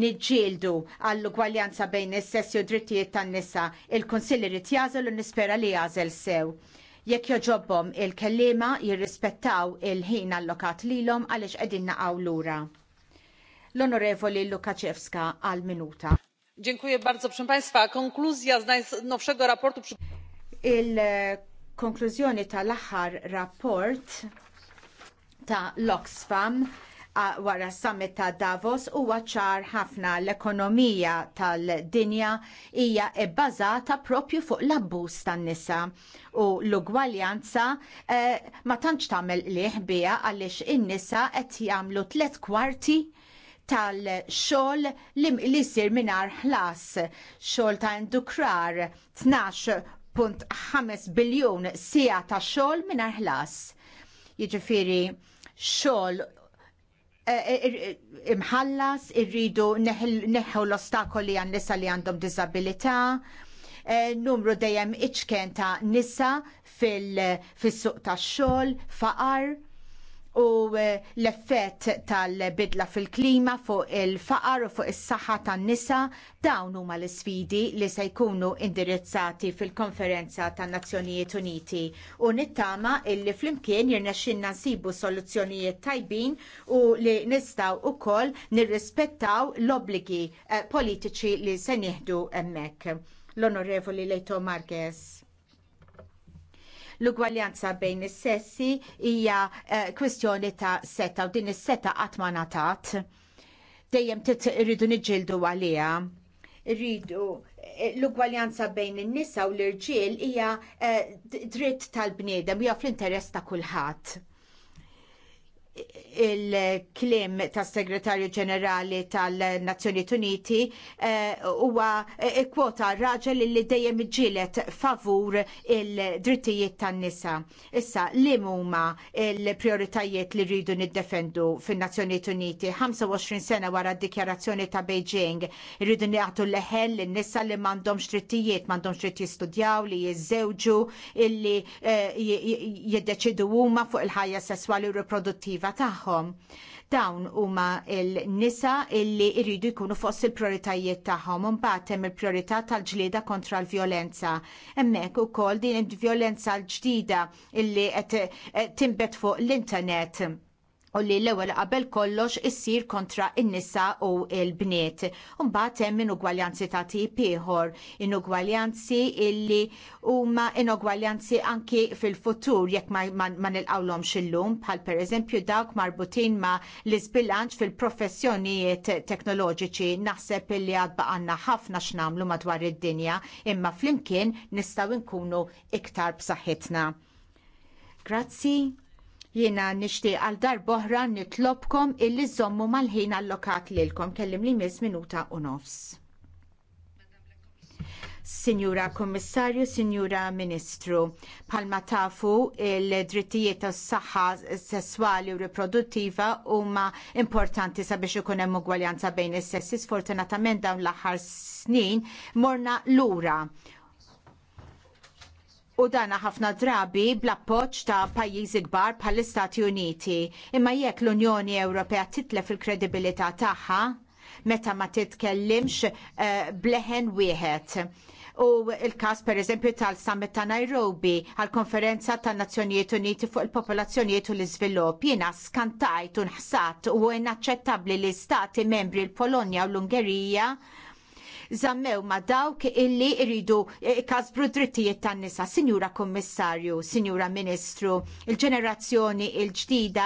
niġġieldu għall-ugwaljanza bejn is-sessi u drittijiet tan-nisa. il kunsilli irid jażel u nispera li jażel sew. Jekk joġobhom il-kellima jirrispettaw il-ħin allokat lilhom għaliex qegħdin naqgħu lura. L-Onorevoli Lukaczewska għal minuta. Dziękuję bardzo, proszę Państwa. Konkluzja z najnowszego raportu... Il-konklużjoni tal-aħħar rapport ta' l-Oxfam wara s-summit ta' Davos huwa ċar ħafna l-ekonomija tal-dinja hija bbażata propju fuq l-abbuż tan-nisa u l-ugwaljanza eh, ma tantx tagħmel liħ biha għaliex in-nisa qed jagħmlu tliet kwarti tal-xol li jsir mingħajr ħlas, xogħol ta' indukrar, 12.5 biljun sija ta' xogħol mingħajr ħlas. Jiġifieri xogħol Eh, eh, eh, imħallas, irridu neħu l-ostakoli għan nisa li għandhom disabilità, numru dejjem iċken ta' nisa fil-suq ta' xol, faqar u eh, l-effett tal-bidla fil-klima fuq il-faqar u fuq is-saħħa tan-nisa dawn huma l isfidi li se jkunu indirizzati fil-Konferenza tan-Nazzjonijiet Uniti u nittama illi flimkien jirnexxinna nsibu soluzzjonijiet tajbin u li nistgħu wkoll nirrispettaw l-obbligi eh, politiċi li se nieħdu hemmhekk. L-Onorevoli Lejto Marquez. L-ugwaljanza bejn is-sessi hija eh, kwistjoni ta' seta' u din is-seta' qatt ma ngħatat. Dejjem irridu niġġieldu għaliha rridu eh, l-ugwaljanza bejn in-nisa u l-irġiel hija eh, dritt tal-bniedem hija fl-interess ta' kulħadd il-klim tas segretarju ġenerali tal-Nazzjoni Uniti eh, huwa uh, kwota raġel li dejjem ġilet favur il-drittijiet tan-nisa. Issa li huma il-prioritajiet li rridu niddefendu fin-Nazzjoni Uniti 25 sena wara d-dikjarazzjoni ta' Beijing rridu l leħel lin-nisa li m'għandhomx drittijiet, m'għandhomx dritt jistudjaw li jiżżewġu li uh, eh, jiddeċidu huma fuq il-ħajja sesswali u riproduttiva tat-tattiva tagħhom. Dawn huma l-nisa illi jridu jkunu fost il-prioritajiet tagħhom u mbagħad hemm il-priorità tal-ġlieda kontra l-vjolenza. Hemmhekk ukoll din il-vjolenza l-ġdida illi qed timbet fuq l-internet u li l-ewwel qabel kollox issir kontra n-nisa u l-bniet. Mbagħad hemm inugwaljanzi ta' tip ieħor, inugwaljanzi illi huma inugwaljanzi anki fil-futur jekk ma, ma, ma nilqawlhomx illum bħal pereżempju dawk marbutin ma l-isbilanċ fil-professjonijiet teknoloġiċi naħseb illi għad għandna ħafna x'namlu madwar id-dinja imma flimkien nistgħu nkunu iktar b'saħħitna. Grazzi. Jiena nixtieq għal boħra nitlobkom illi żommu mal-ħin allokat lilkom kellim li miż minuta u nofs. Signora Kommissarju, Signora Ministru, palma tafu il-drittijiet tas saħħa sessuali u riproduttiva huma importanti sabiex ikun hemm ugwaljanza bejn is-sessi. Sfortunatament dawn l-aħħar snin morna lura u dana ħafna drabi bl-appoġġ ta' pajjiżi kbar bħall-Istati Uniti. Imma jekk l-Unjoni Ewropea titlef il-kredibilità tagħha meta ma titkellimx eh, bleħen wieħed u il-kas per eżempju tal-summit ta' Nairobi għal-konferenza ta' Nazzjonijiet Uniti fuq il-popolazzjonijiet u l-iżvilupp jiena skantajt u nħsat u inaċċettabbli li stati membri l-Polonja u l-Ungerija zammew ma dawk illi iridu eh, kasbru drittijiet tan-nisa. Sinjura Kommissarju, Sinjura Ministru, il-ġenerazzjoni il-ġdida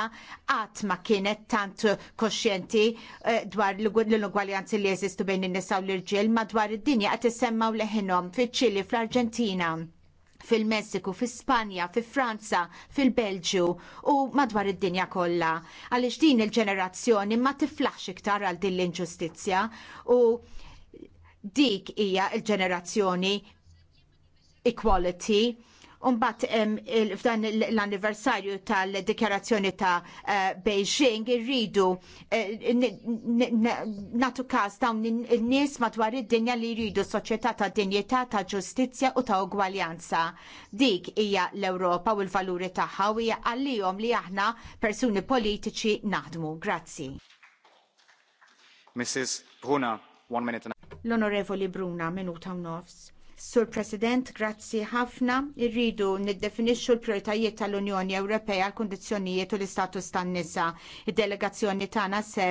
qatt ma kienet tant koxjenti eh, dwar l-ugwaljanzi li jeżistu bejn in-nisa u l-irġiel madwar id-dinja qed issemmaw leħinhom fiċ-Ċili, fl-Arġentina fil-Messiku, fil-Spanja, fil-Franza, fil-Belġu u madwar id-dinja kollha. Għaliex din il-ġenerazzjoni ma tiflaħx iktar għal din l-inġustizzja u dik hija il-ġenerazzjoni equality. Umbat f'dan l-anniversarju tal-dikjarazzjoni ta' eh, Beijing irridu eh, natu każ dawn in-nies madwar id-dinja li jridu soċjetà ta' dinjità ta' ġustizzja u ta' ugwaljanza. Dik hija l-Ewropa u l-valuri tagħha u hija għalihom li aħna persuni politiċi naħdmu. Grazzi. Mrs. Bruna, one minute and l-Onorevoli Bruna minuta u nofs. Sur President, grazzi ħafna. Irridu niddefinixxu l-prioritajiet tal-Unjoni Ewropea għal-kundizzjonijiet u l-istatus tan-nisa. Id-delegazzjoni tagħna se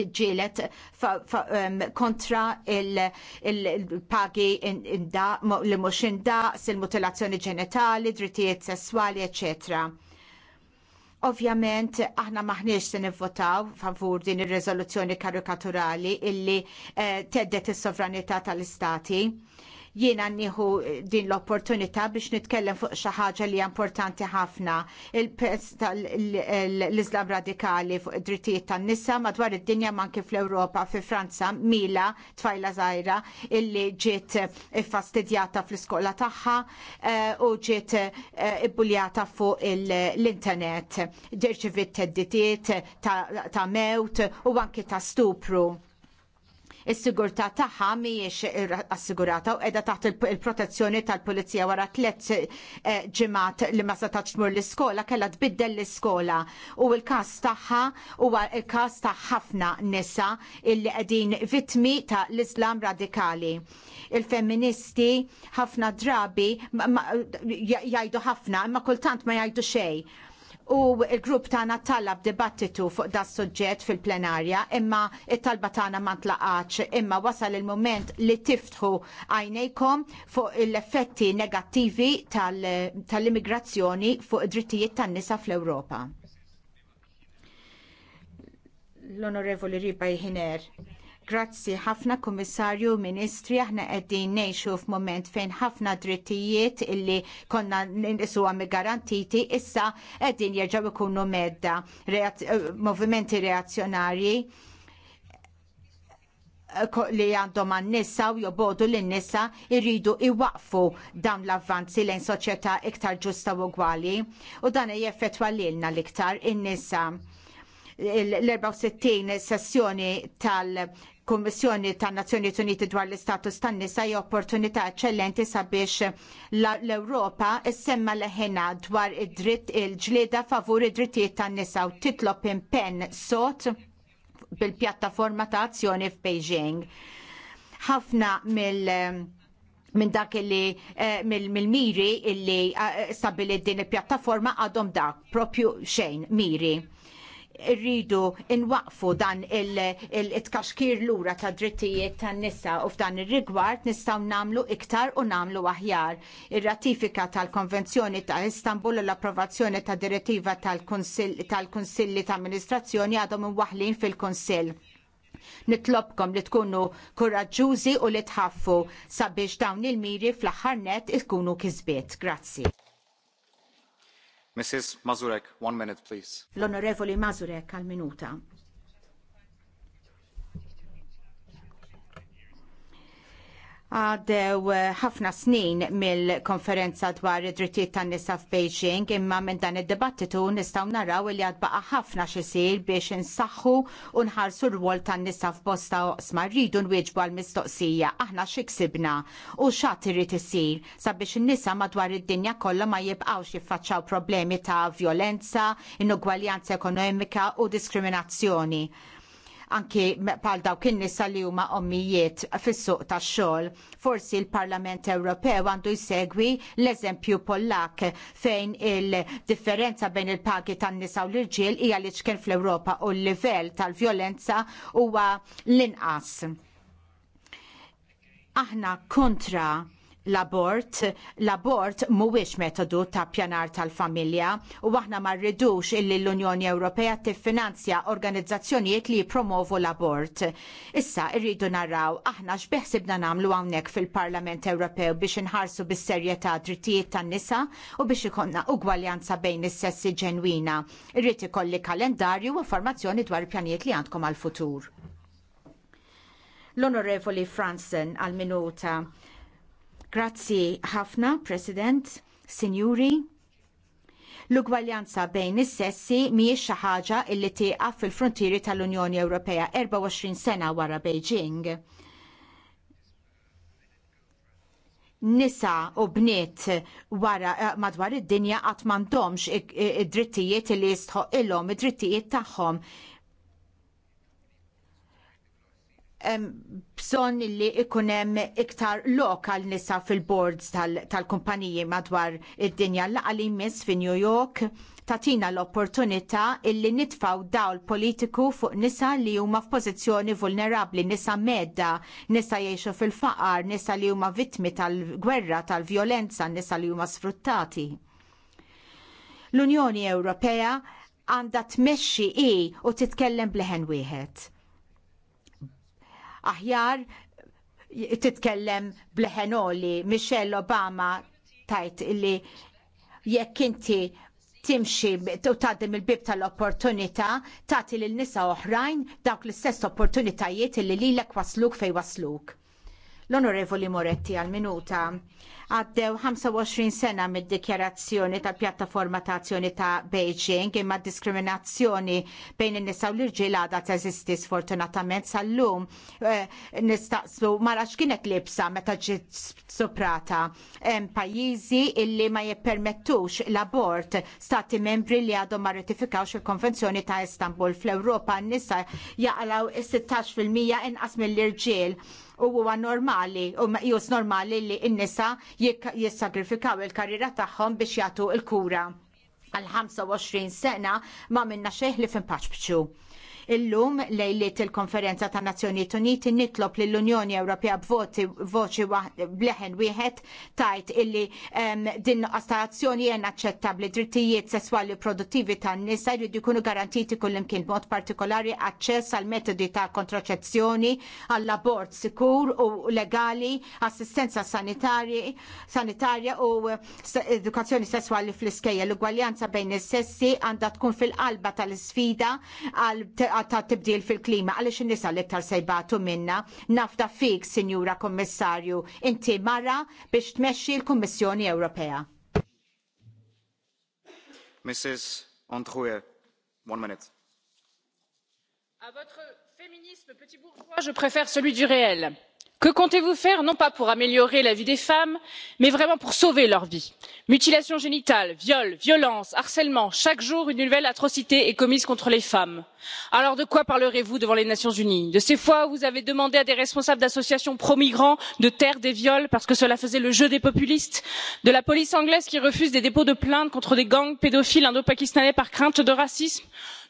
tiġġielet kontra il-pagi li mhux indaqs, il-mutilazzjoni ġenitali, drittijiet sesswali, eċċetera Ovvjament, aħna maħniex se nivvotaw favur din ir-reżoluzzjoni karikaturali illi eh, teddet is-sovranità tal-istati jiena nieħu eh, din l-opportunità biex nitkellem fuq xi ħaġa li hija importanti ħafna l-Islam radikali fuq id-drittijiet tan-nisa madwar id-dinja manki fl-Ewropa fi Franza Mila tfajla żgħira illi ġiet iffastidjata eh, fl-iskola tagħha eh, u ġiet ibbuljata fuq l-internet. Ġerċivit teddidiet ta' mewt u anki ta' stupru Is-sigurtà tagħha mhijiex assigurata u qiegħda taħt il-protezzjoni tal-pulizija wara tliet eh, ġimgħat li ma setax tmur l-iskola kellha tbiddel l-iskola u l-każ tagħha huwa l-każ ta' ħafna nisa illi qegħdin vittmi ta' l-Islam radikali. Il-femministi ħafna drabi jgħidu ħafna imma kultant ma jgħidu xejn u l grupp tagħna talab dibattitu fuq da suġġett fil-plenarja imma t talba tagħna ma tlaqax imma wasal il mument li tiftħu għajnejkom fuq l-effetti negattivi tal-immigrazzjoni fuq id-drittijiet tan-nisa fl-Ewropa. L-Onorevoli Riba Jħiner. Grazzi ħafna Kummissarju Ministri, aħna qegħdin ngħixu f'mument fejn ħafna drittijiet illi konna għamil garantiti issa qegħdin jerġgħu jkunu medda eh, movimenti reazzjonarji li għandhom għan nissa u jobodu l nissa irridu iwaqfu dawn l-avvanzi lejn soċjetà iktar ġusta u gwali u dan jeffetwa lilna l-iktar in-nisa l-64 sessjoni tal- Kummissjoni tan Nazzjonijiet Uniti dwar l-istatus tan-nisa hija opportunità eċċellenti sabiex l-Ewropa issemma leħena dwar id-dritt il-ġlieda favur id-drittijiet tan-nisa u titlob impenn sot bil-pjattaforma ta' azzjoni f'Beijing. Ħafna mill- minn dak illi eh, mill-miri illi eh, stabili din il-pjattaforma għadhom dak, propju xejn miri rridu inwaqfu dan il-tkaxkir il lura ta' drittijiet tan nisa u f'dan ir-rigward nistgħu nagħmlu iktar u nagħmlu aħjar. Ir-ratifika tal-Konvenzjoni ta' Istanbul u l-approvazzjoni ta' direttiva tal-Kunsilli ta' Amministrazzjoni għadhom imwaħlin fil-Kunsill. Nitlobkom li tkunu kuraġġużi u li tħaffu sabiex dawn il-miri fl-aħħar net ikunu kisbiet. Grazzi. Mrs. Mazurek, one minute, please. l Mazurek, għal minuta. għadew eh, ħafna snin mill-konferenza dwar id-drittijiet tan-nisa f'Beijing imma minn dan id-dibattitu nistgħu naraw li għad baqa' ħafna xisir biex insaħħu u nħarsu r-rwol tan-nisa f'bosta oqsma rridu nwieġbu għall-mistoqsija aħna xi ksibna u xatt irid isir sabiex in-nisa madwar id-dinja kollha ma jibqgħux jiffaċċaw problemi ta' vjolenza, inugwaljanza ekonomika u diskriminazzjoni anki bħal daw kien nisa li huma ommijiet fis-suq tax-xogħol. Forsi l-Parlament Ewropew għandu jsegwi l-eżempju Pollak fejn il-differenza bejn il-pagi tan-nisa u l-irġiel hija li x'kien fl-Ewropa u l-livell tal-vjolenza huwa l-inqas. Aħna kontra l-abort, l-abort mhuwiex metodu ta' pjanar tal-familja u aħna ma rridux illi l-Unjoni Ewropea tiffinanzja organizzazzjonijiet li jipromovu l-abort. Issa rridu naraw aħna x'beħsibna nagħmlu hawnhekk fil-Parlament Ewropew biex inħarsu bis-serjetà drittijiet tan-nisa u biex ikonna ugwaljanza bejn is-sessi ġenwina. Irrid ikolli kalendarju u informazzjoni dwar il-pjanijiet li għandkom għal-futur. L-Onorevoli Fransen għal-minuta. Grazzi ħafna, President, Sinjuri. L-ugwaljanza bejn is-sessi mhijiex xi ħaġa li tieqa' fil-frontieri tal-Unjoni Ewropea 24 sena wara Beijing. Nisa u bniet wara eh, madwar id-dinja qatt m'għandhomx id-drittijiet li jistħoq ilhom id-drittijiet tagħhom bżonn li ikun hemm iktar lokal nisa fil-boards tal-kumpaniji tal madwar id-dinja l għalim jmiss fi New York tatina l-opportunità illi nitfaw dawl politiku fuq nisa li huma f'pożizzjoni vulnerabbli, nisa medda, nisa jgħixu fil-faqar, nisa li huma vittmi tal-gwerra, tal-vjolenza, nisa li huma sfruttati. L-Unjoni Ewropea għandha tmexxi i u titkellem bleħen wieħed aħjar eh, titkellem bleħenoli Michelle Obama tajt li jekk inti timxi u taddim il-bib tal-opportunità tagħti lil nisa oħrajn dawk l-istess opportunitajiet li l-ek wasluk fej wasluk. L-Onorevoli Moretti għal-minuta. Għaddew 25 sena mid-dikjarazzjoni tal-pjattaforma ta' azzjoni ta' Beijing imma diskriminazzjoni bejn in-nisa u l-irġiel għadha teżisti sfortunatament sal-lum eh, nistaqsu marax kienet libsa meta ġiet suprata. Hemm pajjiżi illi ma jippermettux l-abort stati membri li għadhom ma ratifikawx il-Konvenzjoni ta' Istanbul fl-Ewropa n-nisa jaqalaw is-16% inqas mill-irġiel u huwa normali u jus normali li n-nisa jissagrifikaw il-karriera tagħhom biex jagħtu l-kura għal 25 sena ma minna xejn li finpaċbċu. Illum lejliet il-konferenza ta' Nazzjonijiet Uniti nitlob lill unjoni Ewropea b'voti voċi bleħen wieħed tajt illi din ta' azzjoni hija inaċċettabbli drittijiet sesswali produttivi tan nisa jridu jkunu garantiti kullimkien b'mod partikolari aċċess għal metodi ta' kontraċezzjoni, għall abort sikur u legali, assistenza sanitarja u edukazzjoni sesswali fl-iskejja. L-ugwaljanza bejn is-sessi għandha tkun fil-qalba tal-isfida għal ta' tibdil fil-klima għaliex n nisa l-iktar sejbatu minna nafta fik, Sinjura Kommissarju, inti mara biex tmexxi l-Kummissjoni Ewropea. Mrs. Androuille, one minute. À votre féminisme petit bourgeois, je préfère celui du réel que comptez vous faire non pas pour améliorer la vie des femmes mais vraiment pour sauver leur vie? mutilations génitales viols violences harcèlement chaque jour une nouvelle atrocité est commise contre les femmes. alors de quoi parlerez vous devant les nations unies? de ces fois où vous avez demandé à des responsables d'associations pro migrants de taire des viols parce que cela faisait le jeu des populistes? de la police anglaise qui refuse des dépôts de plainte contre des gangs pédophiles indo pakistanais par crainte de racisme?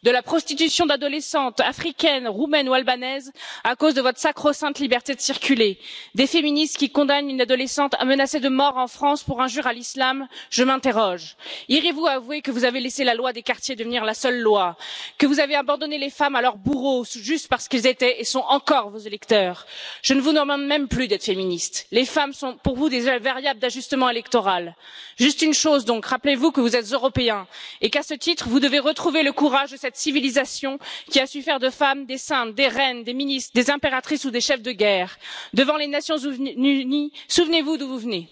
de la prostitution d'adolescentes africaines roumaines ou albanaises à cause de votre sacro sainte liberté de circuler des féministes qui condamnent une adolescente menacée de mort en france pour injure à l'islam je m'interroge. irez vous avouer que vous avez laissé la loi des quartiers devenir la seule loi que vous avez abandonné les femmes à leurs bourreaux juste parce qu'ils étaient et sont encore vos électeurs? je ne vous demande même plus d'être féministe les femmes sont pour vous des variables d'ajustement électoral. juste une chose donc rappelez vous que vous êtes européens et qu'à ce titre vous devez retrouver le courage de cette cette civilisation qui a su faire de femmes des saintes des reines des ministres des impératrices ou des chefs de guerre. devant les nations unies souvenez vous d'où vous venez.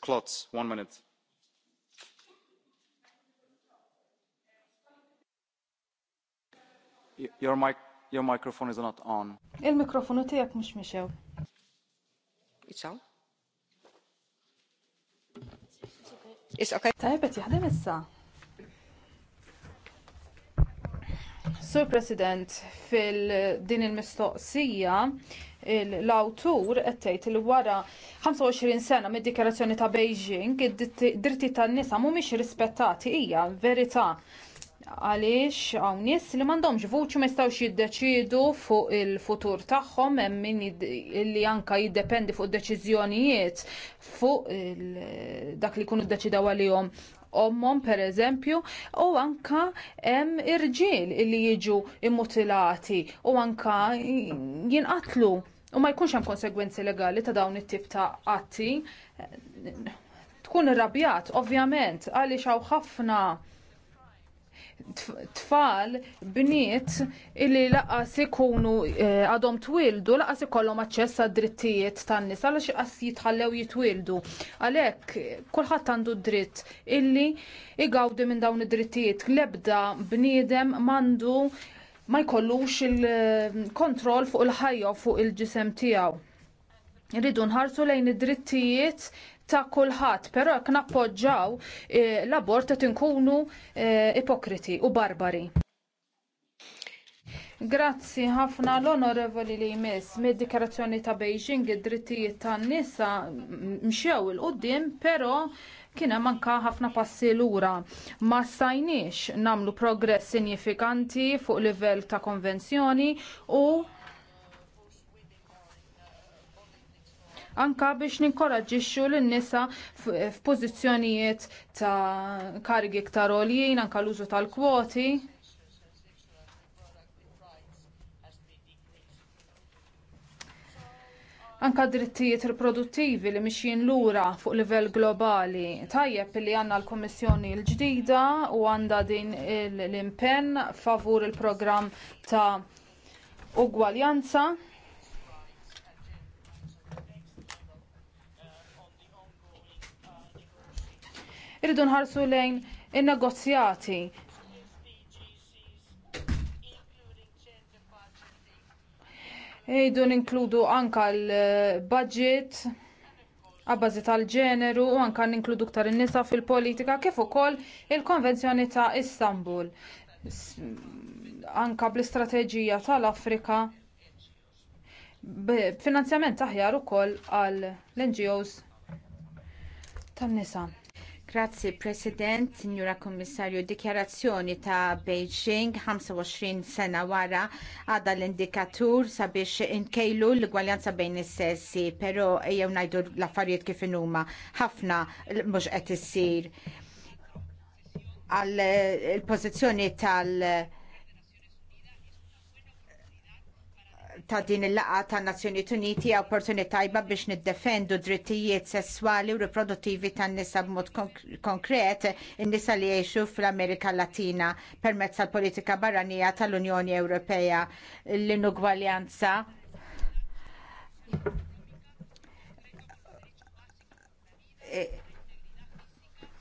Klotz, your, mic your microphone is not on. Il-mikrofonu tiegħek mhux mixew. It's on. Is okay. Tajbet jaħdem issa. Sur President, fil-din il-mistoqsija, l-awtur għettejt li wara 25 sena mid dikjarazzjoni ta' Beijing, id-dritti tan-nisa mhumiex rispettati hija verità għaliex hawn nies li m'għandhomx vuċi ma jistawx jiddeċiedu fuq il-futur tagħhom emmin li anka jiddependi fuq deċiżjonijiet fuq dak li jkunu ddeċidaw għalihom ommom per eżempju u anka hemm irġiel li jiġu immutilati u anka jinqatlu u ma jkunx hemm konsegwenzi legali ta' dawn it-tip ta' atti tkun irrabjat ovvjament għaliex hawn ħafna tfal bniet illi laqas ikunu eh, għadhom twildu laqas ikollhom aċċess għad drittijiet tan-nisa għaliex qas jitħallew jitwildu. Għalhekk kulħadd għandu dritt illi igawdi minn dawn id-drittijiet l-ebda bniedem m'għandu ma jkollux il-kontroll fuq il-ħajja fuq il-ġisem tiegħu. Rridu nħarsu lejn id-drittijiet ta' kulħadd, però jekk nappoġġaw eh, l-abort qed inkunu eh, ipokriti u barbari. Grazzi ħafna l-onorevoli li jmiss mid-dikarazzjoni ta' Beijing id-drittijiet tan-nisa mxew il-qudiem, però kien hemm ħafna passi lura. Ma stajniex nagħmlu progress sinifikanti fuq livell ta' konvenzjoni u anka biex ninkoraġġixxu lin-nisa f'pożizzjonijiet ta' karigi iktar għoljin, anka l-użu tal-kwoti. Anka drittijiet riproduttivi li mixjin lura fuq livell globali. Tajjeb li għandna l kummissjoni l-ġdida u għandha din l-impenn favur il-programm ta' ugwaljanza. Irridu nħarsu lejn in-negozjati. Irridu ninkludu anka l-budget għabbażi tal-ġeneru u anka ninkludu ktar in-nisa fil-politika kif ukoll il-Konvenzjoni ta' Istanbul. Anka bl-istrateġija tal-Afrika b'finanzjament aħjar ukoll għall ngos tan-nisa. Grazzi President, Signora Kommissarju, dikjarazzjoni ta' Beijing 25 sena wara għadha l-indikatur sabiex inkejlu l-gwaljanza bejn is-sessi, però ejja ngħidu l-affarijiet kif inhuma ħafna mhux qed issir għall il-pożizzjoni tal- ta' din il laqgħa ta' Nazzjonijiet Uniti opportunità tajba biex niddefendu drittijiet sesswali u riproduttivi tan nisa b'mod konkret in-nisa li jgħixu fl-Amerika Latina permezz tal-politika barranija tal-Unjoni Ewropea l-inugwaljanza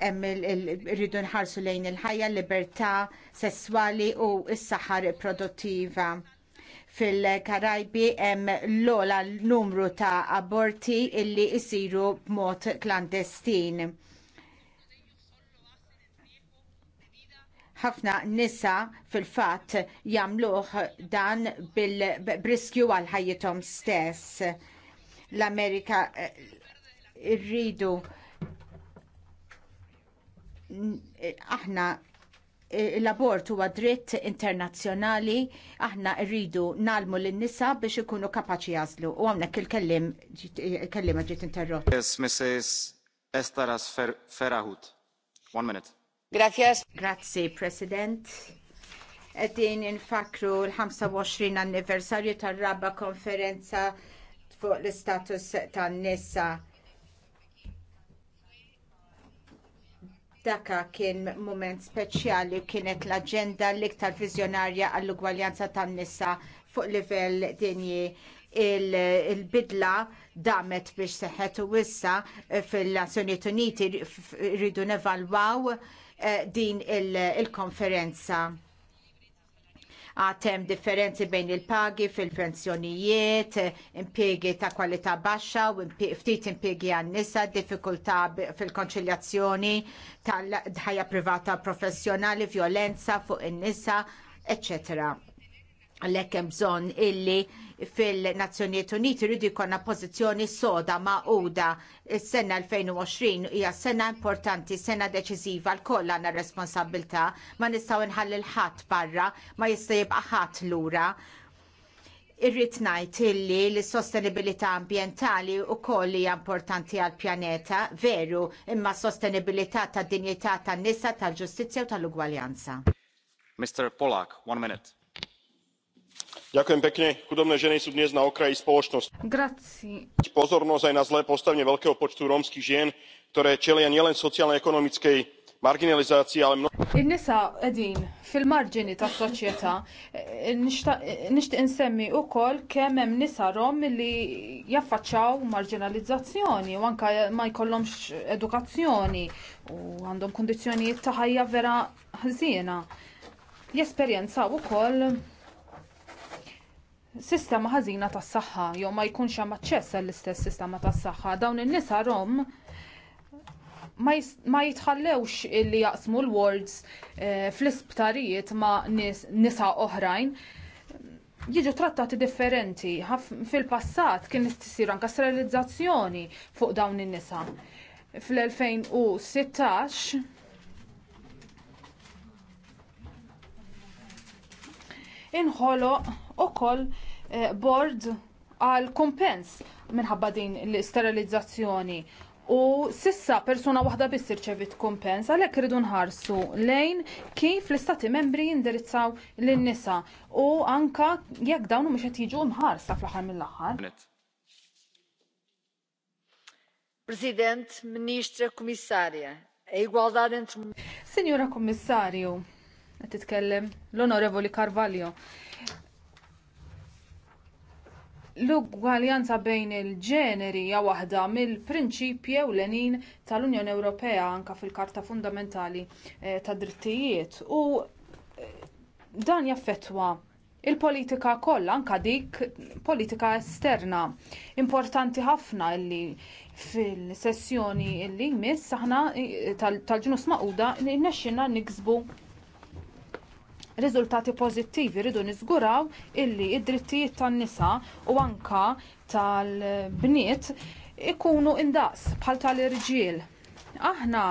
hemm irridu nħarsu lejn il-ħajja, libertà sesswali u s-saħħa riproduttiva fil-Karajbi hemm l-ola numru ta' aborti illi jsiru b'mod klandestin. ħafna nisa fil-fatt jagħmluh dan bil-briskju għal ħajjithom stess. L-Amerika eh, rridu eh, aħna l-abort huwa dritt internazzjonali aħna rridu nalmu lin-nisa biex ikunu kapaċi jażlu u hawnhekk il-kellim kellim ġiet interrott. Yes, Mrs. Estaras Ferahut. One minute. Gracias. Grazzi, President. Din infakru l-25 anniversarju tar-raba konferenza fuq l-istatus tan-nisa Daka kien mument speċjali kienet l aġenda l-iktar viżjonarja għall-ugwaljanza tan-nisa fuq livell dinji il-bidla damet biex seħet u wissa fil-Nazzjonijiet Uniti rridu nevalwaw eh, din il-konferenza. Għatem differenzi bejn il-pagi fil-pensjonijiet, impiegi ta' kwalità baxxa u ftit impiegi għan-nisa, diffikultà fil-konċiljazzjoni tal-ħajja privata professjonali, violenza fuq in-nisa, eccetera għalhekk hemm bżonn illi fil-Nazzjonijiet Uniti rridu jkollna pożizzjoni soda maquda s-sena 2020 hija sena importanti, sena deċiżiva l-koll għandna responsabilità ma nistgħu nħalli l-ħadd barra, ma jista' jibqa' ħadd lura. Irrid ngħid illi l-sostenibilità ambjentali wkoll hija importanti għall pjaneta veru, imma s sostenibilità tad-dinjità tan-nisa, tal-ġustizzja u tal-ugwaljanza. Mr. Polak, one minute Ďakujem pekne. Chudobné ženy sú dnes na okraji spoločnosti. Grazie. Pozornosť aj na zlé postavenie veľkého počtu rómskych žien, ktoré čelia nielen sociálnej ekonomickej marginalizácii, marginalizzazzja għal Il-nisa edin fil-marġini ta' soċjetà eh, eh, nixtieq insemmi wkoll kemm hemm nisa rom li jaffaċċaw marginalizzazzjoni u anke ma jkollhomx edukazzjoni u għandhom kundizzjonijiet ta' ħajja vera ħżiena. Jesperjenzaw ukoll sistema ħażina tas-saħħa jew ma jkunx hemm aċċess għall-istess sistema tas-saħħa. Dawn in-nisa rom ma jitħallewx li jaqsmu l-wards eh, fl-isptarijiet ma' nisa oħrajn jiġu trattati differenti. Fil-passat kien istisir anka sterilizzazzjoni fuq dawn in-nisa. Fl-2016 inħoloq koll eh, bord għal kompens minħabba din l-sterilizzazzjoni. U sissa persuna waħda biss irċevit kompens għalhekk iridu nħarsu lejn kif l-istati membri jindirizzaw lin-nisa u anka jekk dawn mhux qed jiġu mħarsa fl-aħħar mill-aħħar. President, Ministra, Kummissarja, Igualdad entre... Signora Kummissarju, titkellem l-Onorevoli Carvalho l-ugwaljanza bejn il-ġeneri hija waħda mill-prinċipji ewlenin tal-Unjoni Ewropea anke fil-Karta Fundamentali tad-Drittijiet u dan jaffettwa il-politika kollha anke dik politika esterna. Importanti ħafna li fil-sessjoni li jmiss aħna tal-ġnus maquda nnexxinna niksbu riżultati pożittivi rridu niżguraw illi id-drittijiet tan-nisa u anka tal-bniet ikunu indaqs bħal tal-irġiel. Aħna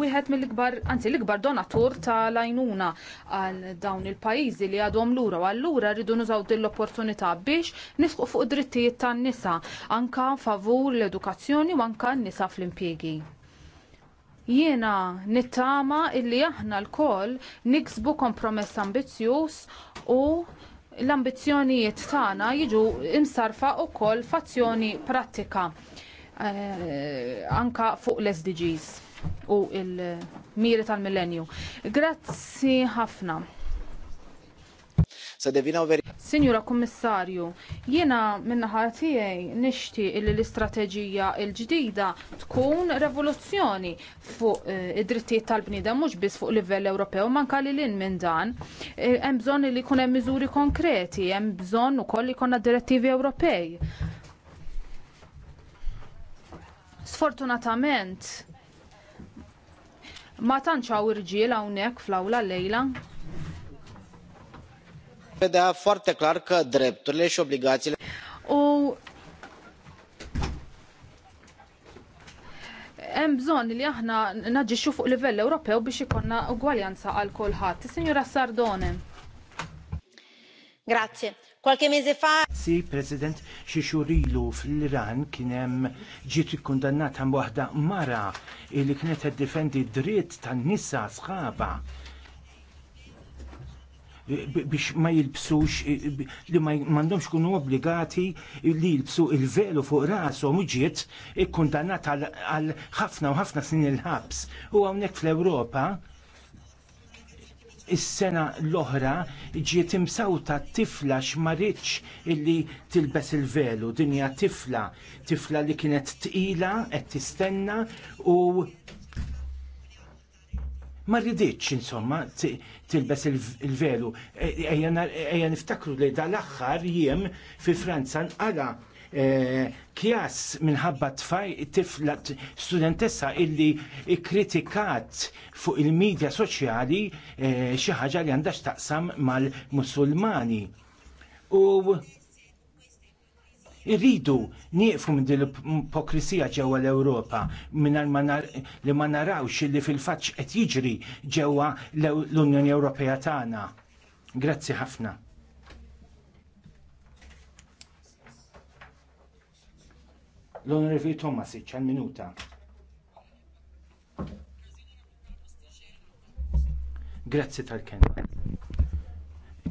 wieħed mill-ikbar, anzi l-ikbar donatur tal-għajnuna għal dawn il-pajjiżi li għadhom lura u allura rridu nużaw din l-opportunità biex nisqu fuq drittijiet tan-nisa anka favur l-edukazzjoni u anka n-nisa fl-impjegi. Jiena nittama illi aħna l-koll niksbu kompromess ambizzjuż u l-ambizzjonijiet tagħna jiġu imsarfa wkoll f'azzjoni prattika anke eh, anka fuq l-SDGs u l miri tal-millenju. Grazzi ħafna sa devina veri. Sinjura Kommissarju, jiena minnaħa tiegħi nixti li l-istrateġija l-ġdida tkun revoluzzjoni fuq eh, id-drittijiet tal-bniedem mhux biss fuq livell Ewropew manka li lin minn dan. Eh, hemm bżonn li jkun hemm miżuri konkreti, hemm bżonn ukoll li jkollna direttivi Ewropej. Sfortunatament, ma tantx hawn irġiel hawnhekk fl-awla lejla. Vedea foarte clar că drepturile și obligațiile. hemm bżonn li aħna naġixxu fuq livell Ewropew biex ikonna ugwaljanza għal kulħadd. Signora Sardone. Grazie. Qualche mese fa. Si, President, xi xurilu fl-Iran kien hemm ġiet ikkundannata waħda mara li kienet tiddifendi d-dritt tan-nisa sħaba biex ma jilbsux li ma mandomx kunu obbligati li jilbsu il-velu fuq rasu muġiet ikkundannat għal ħafna u ħafna snin il-ħabs. U hawnhekk fl-Ewropa is-sena l-oħra ġiet imsawta tifla x'maritx illi tilbes il-velu, dinja tifla, tifla li kienet tqila qed tistenna u ma rridiċ insomma tilbes il-velu. E, ejja niftakru li dal-aħħar jiem fi Franza nqala e, kjas minħabba tfaj tifla studentessa illi kritikat fuq il-medja soċjali e, xi ħaġa li għandax taqsam mal-Musulmani. U Irridu nieqfu minn din l-ipokrisija ġewwa l-Ewropa mingħajr li ma narawx li fil-fatt qed jiġri ġewwa l-Unjoni Ewropea tagħna. Grazzi ħafna. L-Onorevoli Tomasic, għal minuta. Grazzi tal-kenna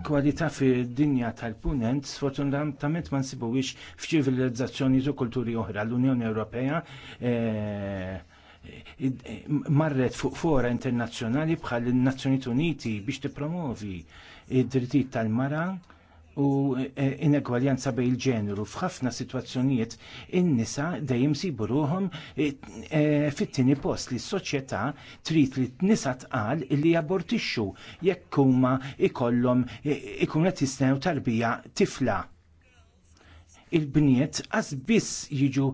kwalità fid-dinja tal-punent sfortunatament ma nsibuwix f'ċivilizzazzjoni u kulturi oħra. L-Unjoni Ewropea eh, eh, marret fuq fora internazzjonali bħal nazzjonijiet Uniti biex tippromovi id-drittijiet tal-mara u e, inegwaljanza bejn il-ġeneru. F'ħafna situazzjonijiet in-nisa dejjem sibu ruhom e, e, fit-tieni post li s-soċjetà trid li t-nisa tqal li jabortixxu jekk huma ikollhom ikun qed jistennew tarbija tifla il-bniet għaz biss jiġu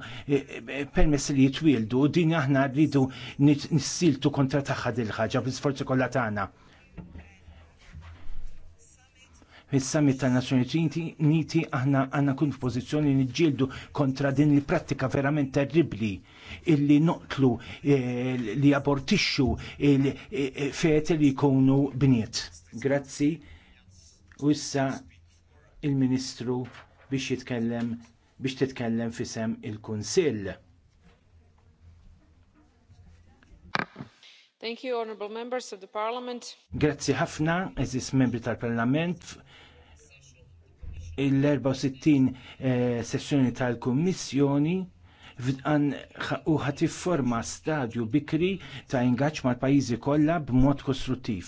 permess li jitwildu din aħna rridu nissiltu kontra taħħad il ħagġa bl-sforzi kollha tagħna fis-summit tan-Nazzjonijiet Uniti aħna għandna kun f'pożizzjoni niġġieldu kontra din il-prattika verament terribbli illi noqtlu eh, li abortixxu il-fet eh, li jkunu bniet. Grazzi. U issa il-Ministru biex jitkellem biex titkellem fisem il-Kunsill. Thank you, honorable members of the parliament. Grazzi ħafna, eżis membri tal-parlament, il-64 eh, sessjoni tal-Kummissjoni u ħat forma stadju bikri ta' ingaġġ mal-pajjiżi kollha b'mod kostruttiv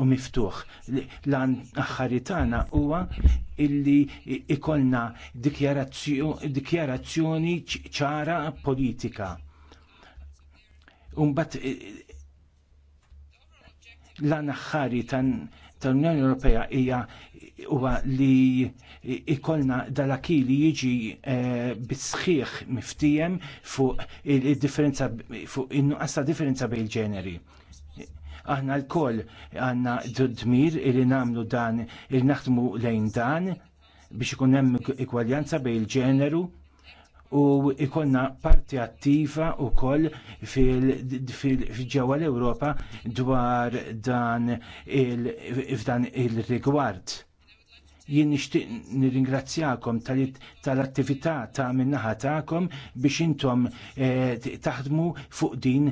u miftuħ. Lan aħħari tagħna huwa illi ikolna dikjarazzjoni ċara politika. Umbat eh, lan aħħari tan tal-Unjoni Ewropea hija huwa li ikolna dalaki li jiġi e, bisħiħ miftijem fuq il-differenza fuq in-nuqqas ta' differenza bejn il-ġeneri aħna l-koll għanna d-dmir li namlu dan, il naħdmu lejn dan biex ikun hemm ikwaljanza bejn il-ġeneru u ikonna parti attiva u koll fil-ġewa l-Europa dwar dan il-fdan il-rigward. Jien nixtieq nirringrazzjakom tal-attività ta' minnaħa tagħkom biex intom eh, taħdmu fuq din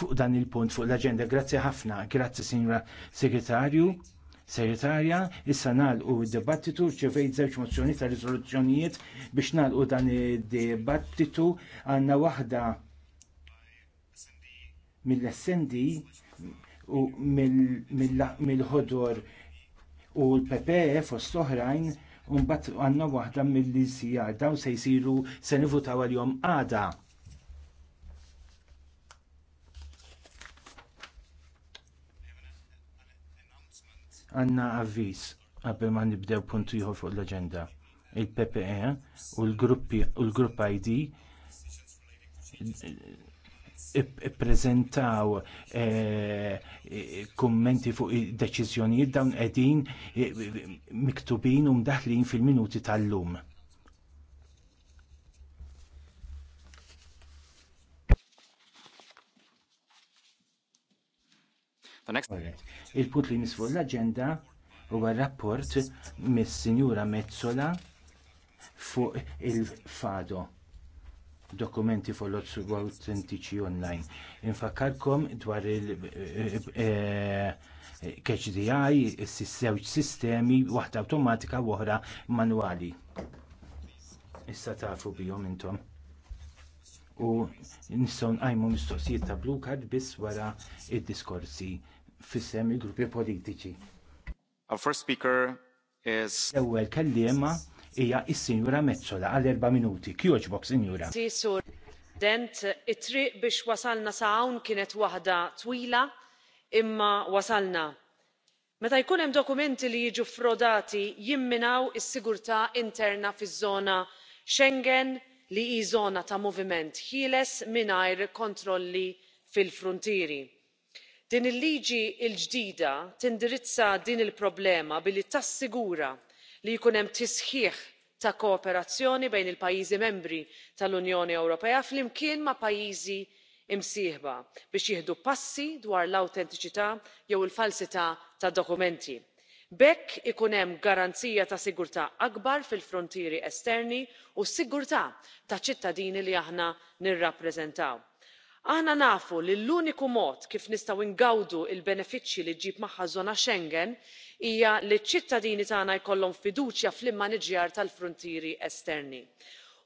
fuq dan il-punt fuq l-aġenda. Grazzi ħafna, grazzi Sinjura Segretarju segretarja, issa nagħlqu d-dibattitu ċevejt żewġ mozzjoni ta' riżoluzzjonijiet biex nagħlqu dan id-dibattitu għandna waħda mill snd u mill-ħodor u l-PPE fost oħrajn u mbagħad għandna waħda mill-ICR dawn se jsiru se nivutaw għal-jom għada. għanna avviż qabel ma nibdew punt ieħor fuq l-aġenda. Il-PPE u l-grupp ID ippreżentaw eh, eh, kummenti fuq deċiżjonijiet dawn qegħdin eh, miktubin u mdaħlin fil-minuti tal-lum. il put li nisfu l-agenda huwa rapport mis-Sinjura Mezzola fuq il-fado dokumenti folot su autentiċi online. Infakkarkom dwar il-KHDI, eh, eh, s-sewċ sistemi, waħda automatika u oħra manwali. Issa tafu bihom intom. U nistgħu għajmu mistoqsijiet ta' blue card biss wara id-diskorsi fissem il-gruppi politiċi. Our first speaker is... L-ewwel kelliema hija s-Sinjura Mezzola għal erba' minuti. Kjoġbok, Sinjura. Dent, it-triq biex wasalna sa' hawn kienet waħda twila imma wasalna. Meta jkun hemm dokumenti li jiġu frodati jimminaw is-sigurtà interna fiż-żona Schengen li hi żona ta' moviment ħieles mingħajr kontrolli fil-fruntieri din il-liġi l ġdida tindirizza din il problema billi tassigura li jkun hemm tisħiħ ta' kooperazzjoni bejn il pajjiżi membri tal unjoni ewropea flimkien ma' pajjiżi imsieħba biex jieħdu passi dwar l-awtentiċità jew il falsità ta' dokumenti. b'hekk ikun hemm garanzija ta' sigurtà akbar fil frontieri esterni u s sigurtà taċ ċittadini li aħna nirrappreżentaw aħna nafu li l-uniku mod kif nistgħu ngawdu l-benefiċċji li ġġib magħha żona schengen hija li ċ-ċittadini tagħna jkollhom fiduċja fl-immaniġġjar tal-fruntieri esterni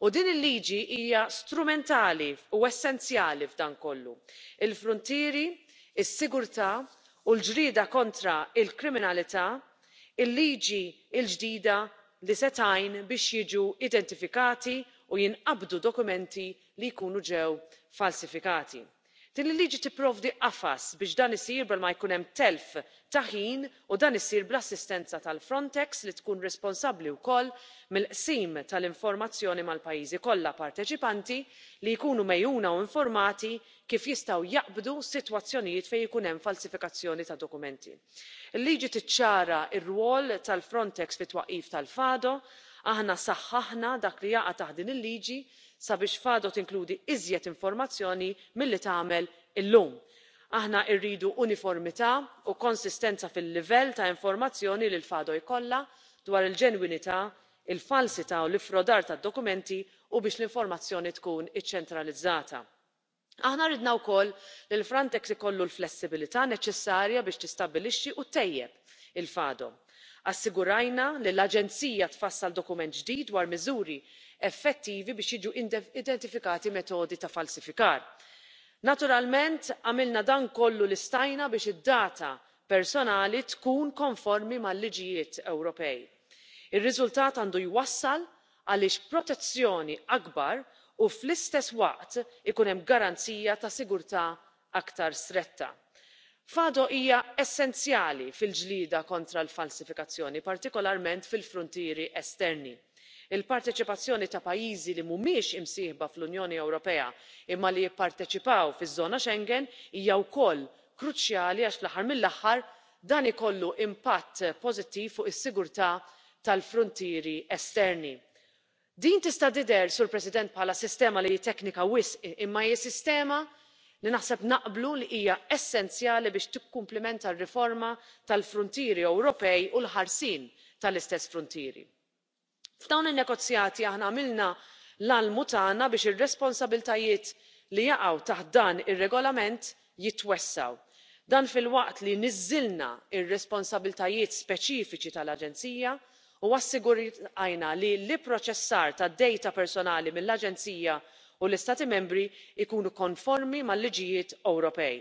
u din il-liġi hija strumentali u essenzjali f'dan kollu. il fruntieri is-sigurtà u l-ġrieda kontra l kriminalità il-liġi l ġdida li se tgħin biex jiġu identifikati u jinqabdu dokumenti li jkunu ġew falsifikati. din il-liġi tipprovdi qafas biex dan isir bla ma jkun hemm telf ta' ħin u dan isir bl-assistenza tal frontex li tkun responsabbli wkoll mill qsim tal informazzjoni mal-pajjiżi kollha parteċipanti li jkunu mejjuna u infurmati kif jistgħu jaqbdu sitwazzjonijiet fejn ikun hemm falsifikazzjoni ta' dokumenti. il-liġi tiċċara r rwol tal frontex fit-twaqqif tal fado aħna saħħaħna dak li jaqa' taħt din il-liġi sabiex fado tinkludi iżjed informazzjoni milli tagħmel illum. aħna rridu uniformità u konsistenza fil-livell ta' informazzjoni li l fado jkollha dwar il-ġenwinità il falsità u l-ifrodar tad-dokumenti u biex l-informazzjoni tkun iċċentralizzata. aħna rridna wkoll li frontex ikollu l-flessibilità neċessarja biex tistabbilixxi u ttejjeb il fado assigurajna li l-aġenzija tfassal dokument ġdid dwar miżuri effettivi biex jiġu identifikati metodi ta' falsifikar. naturalment għamilna dan kollu li stajna biex id data personali tkun konformi mal liġijiet ewropej. ir-riżultat għandu jwassal għaliex protezzjoni akbar u fl istess waqt ikun hemm garanzija ta' sigurtà aktar stretta fado hija essenzjali fil ġlieda kontra l falsifikazzjoni partikolarment fil fruntieri esterni. il parteċipazzjoni ta' pajjiżi li mhumiex imsieħba fl-unjoni ewropea imma li jipparteċipaw fiż-żona schengen hija wkoll kruċjali għax fl aħħar mill aħħar dan ikollu impatt pożittiv fuq is-sigurtà tal fruntieri esterni. din tista' tidher sur president bħala sistema li hi teknika wisq imma hija sistema li naħseb naqblu li hija essenzjali biex tikkumplimenta r-riforma tal-fruntieri ewropej u l ħarsien tal-istess fruntieri. f'dawn in-negozjati aħna għamilna l-almu tagħna biex ir-responsabbiltajiet li jaqgħu taħt dan ir-regolament jitwessaw dan filwaqt li niżżilna r-responsabbiltajiet speċifiċi tal-aġenzija u assigurajna li l ipproċessar tad-dejta personali mill-aġenzija u l istati membri jkunu konformi mal liġijiet ewropej.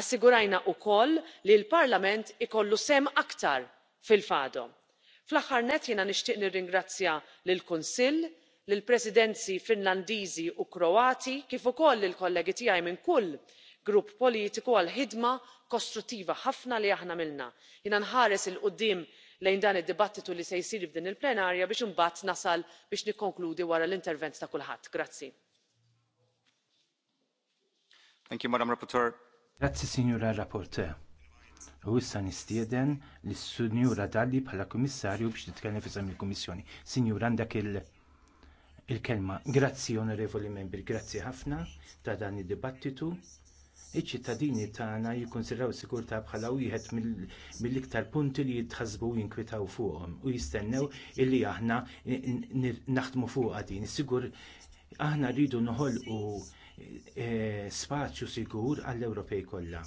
assigurajna wkoll li l parlament ikollu sehem aktar fil fadhom. fl aħħar nett jiena nixtieq nirringrazzja lill kunsill lill presidenzi finlandiżi u kroati kif ukoll lill kollegi tiegħi minn kull grupp politiku għal ħidma kostruttiva ħafna li aħna għamilna. jiena nħares il quddiem lejn dan id-dibattitu li se jsir f'din il plenarja biex imbagħad nasal biex nikkonkludi wara l-intervent ta' kulħadd. grazzi. Thank you, Madam Rapporteur. Grazzi, Signora Rapporteur. U issa nistieden lis sunjura Dalli bħala Kummissarju biex titkellem fisem il-Kummissjoni. Sinjura għandak il-kelma. Grazzi, onorevoli membri, grazzi ħafna ta' dan id-dibattitu. Iċ-ċittadini tagħna jikkonsidraw sigurtà bħala wieħed mill-iktar punti li jitħasbu jinkwitaw fuqhom u jistennew illi aħna naħdmu fuqha din. Sigur aħna rridu noħolqu Eh, spazju sigur għall-Ewropej kollha.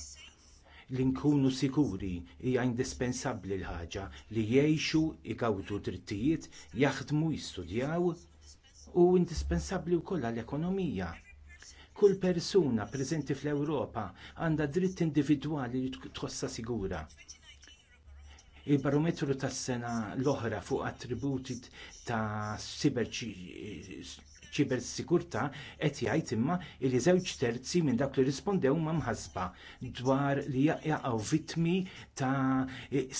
Li nkunu sikuri hija indispensabbli l-ħaġa li jgħixu, igawdu drittijiet, jaħdmu, jistudjaw u indispensabbli wkoll għall-ekonomija. Kull persuna preżenti fl-Ewropa għandha dritt individwali li tħossha sigura il-barometru tas sena l-oħra fuq attributi ta' sikurta qed jgħid imma li żewġ terzi minn dak li rispondew ma mħasba dwar li jaqgħu vittmi ta'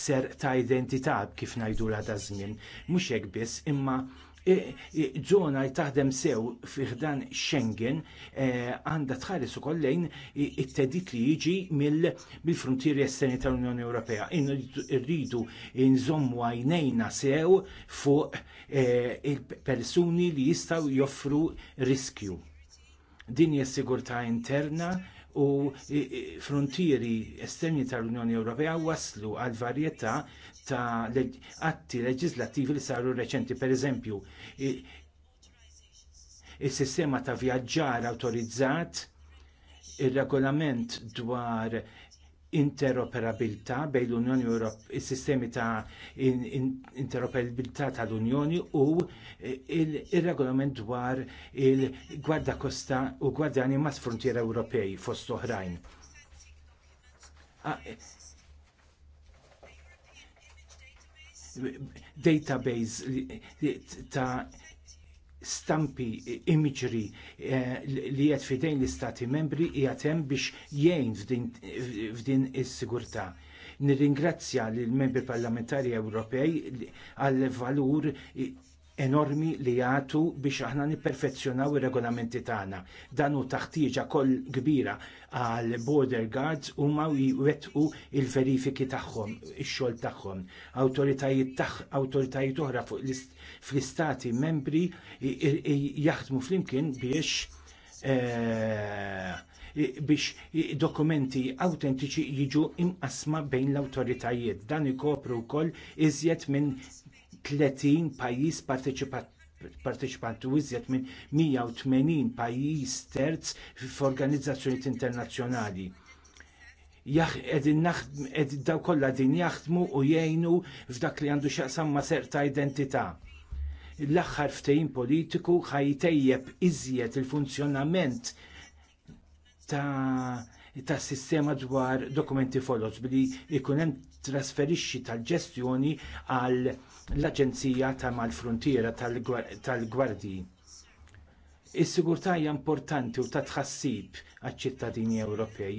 ser ta' identità kif ngħidu la ta' żmien. Mhux hekk biss imma zona li taħdem sew fiħdan Schengen eh, għandha tħares ukoll lejn it-tedit li jiġi mill-frontieri esterni tal-Unjoni Ewropea. Irridu nżommu għajnejna sew fuq eh, il-persuni li jistgħu joffru riskju. Din hija sigurtà interna u frontieri esterni tal-Unjoni Ewropea waslu għal varjetà ta' atti leġislattivi li saru reċenti. Per eżempju, il-sistema ta' vjaġġar awtorizzat, ir regolament dwar interoperabilità bejn l-Unjoni Ewropea, is-sistemi ta' interoperabilità tal-Unjoni u eh, il-regolament dwar il-gwarda kosta u gwardjani mas frontiera Ewropej fost oħrajn. Ah, eh, database ta' stampi, eh, imġri eh, li qed fidejn l-istati membri jgħatem biex jgħin f'din is-sigurtà. Nirringrazzja l-membri parlamentari Ewropej għal-valur enormi li jgħatu biex aħna niperfezzjonaw ir-regolamenti tagħna. Dan hu taħtieġa koll kbira għal border guards huma jwettqu il-verifiki tagħhom, ix-xogħol tagħhom. Awtoritajiet oħra fuq l-ist fl-istati membri jaħdmu flimkien biex eh, biex dokumenti autentiċi jiġu imqasma bejn l-autoritajiet. Dan ikopru wkoll iżjed minn 30 pajjiż parteċipat parteċipanti iżjed minn 180 pajjiż terz f'organizzazzjonijiet internazzjonali. Dawk daw kollha din jaħdmu u jgħinu f'dak li għandu x'aqsam ma' serta identità l-aħħar ftehim politiku ħajtejjeb iżjed il-funzjonament ta' ta' sistema dwar dokumenti follows billi ikun hemm trasferixxi tal-ġestjoni għal l-Aġenzija ta' mal-Frontiera tal-Gwardji. Is-sigurtà hija importanti u ta' tħassib għaċ-ċittadini Ewropej.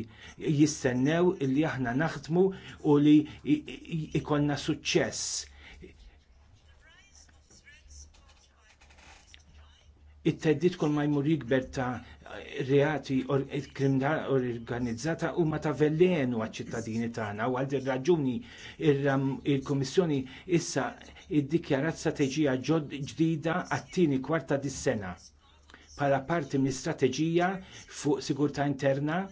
Jistennew li aħna naħdmu u li ikonna suċċess it-teddit kol ma jmur jikber ta' reati kriminal organizzata u ma ta' vellenu għal-ċittadini tagħna u għal raġuni um, il-Komissjoni issa iddikjarat strateġija ġdida għat-tieni kwarta dis-sena. Pala parti minn strateġija fuq sigurtà interna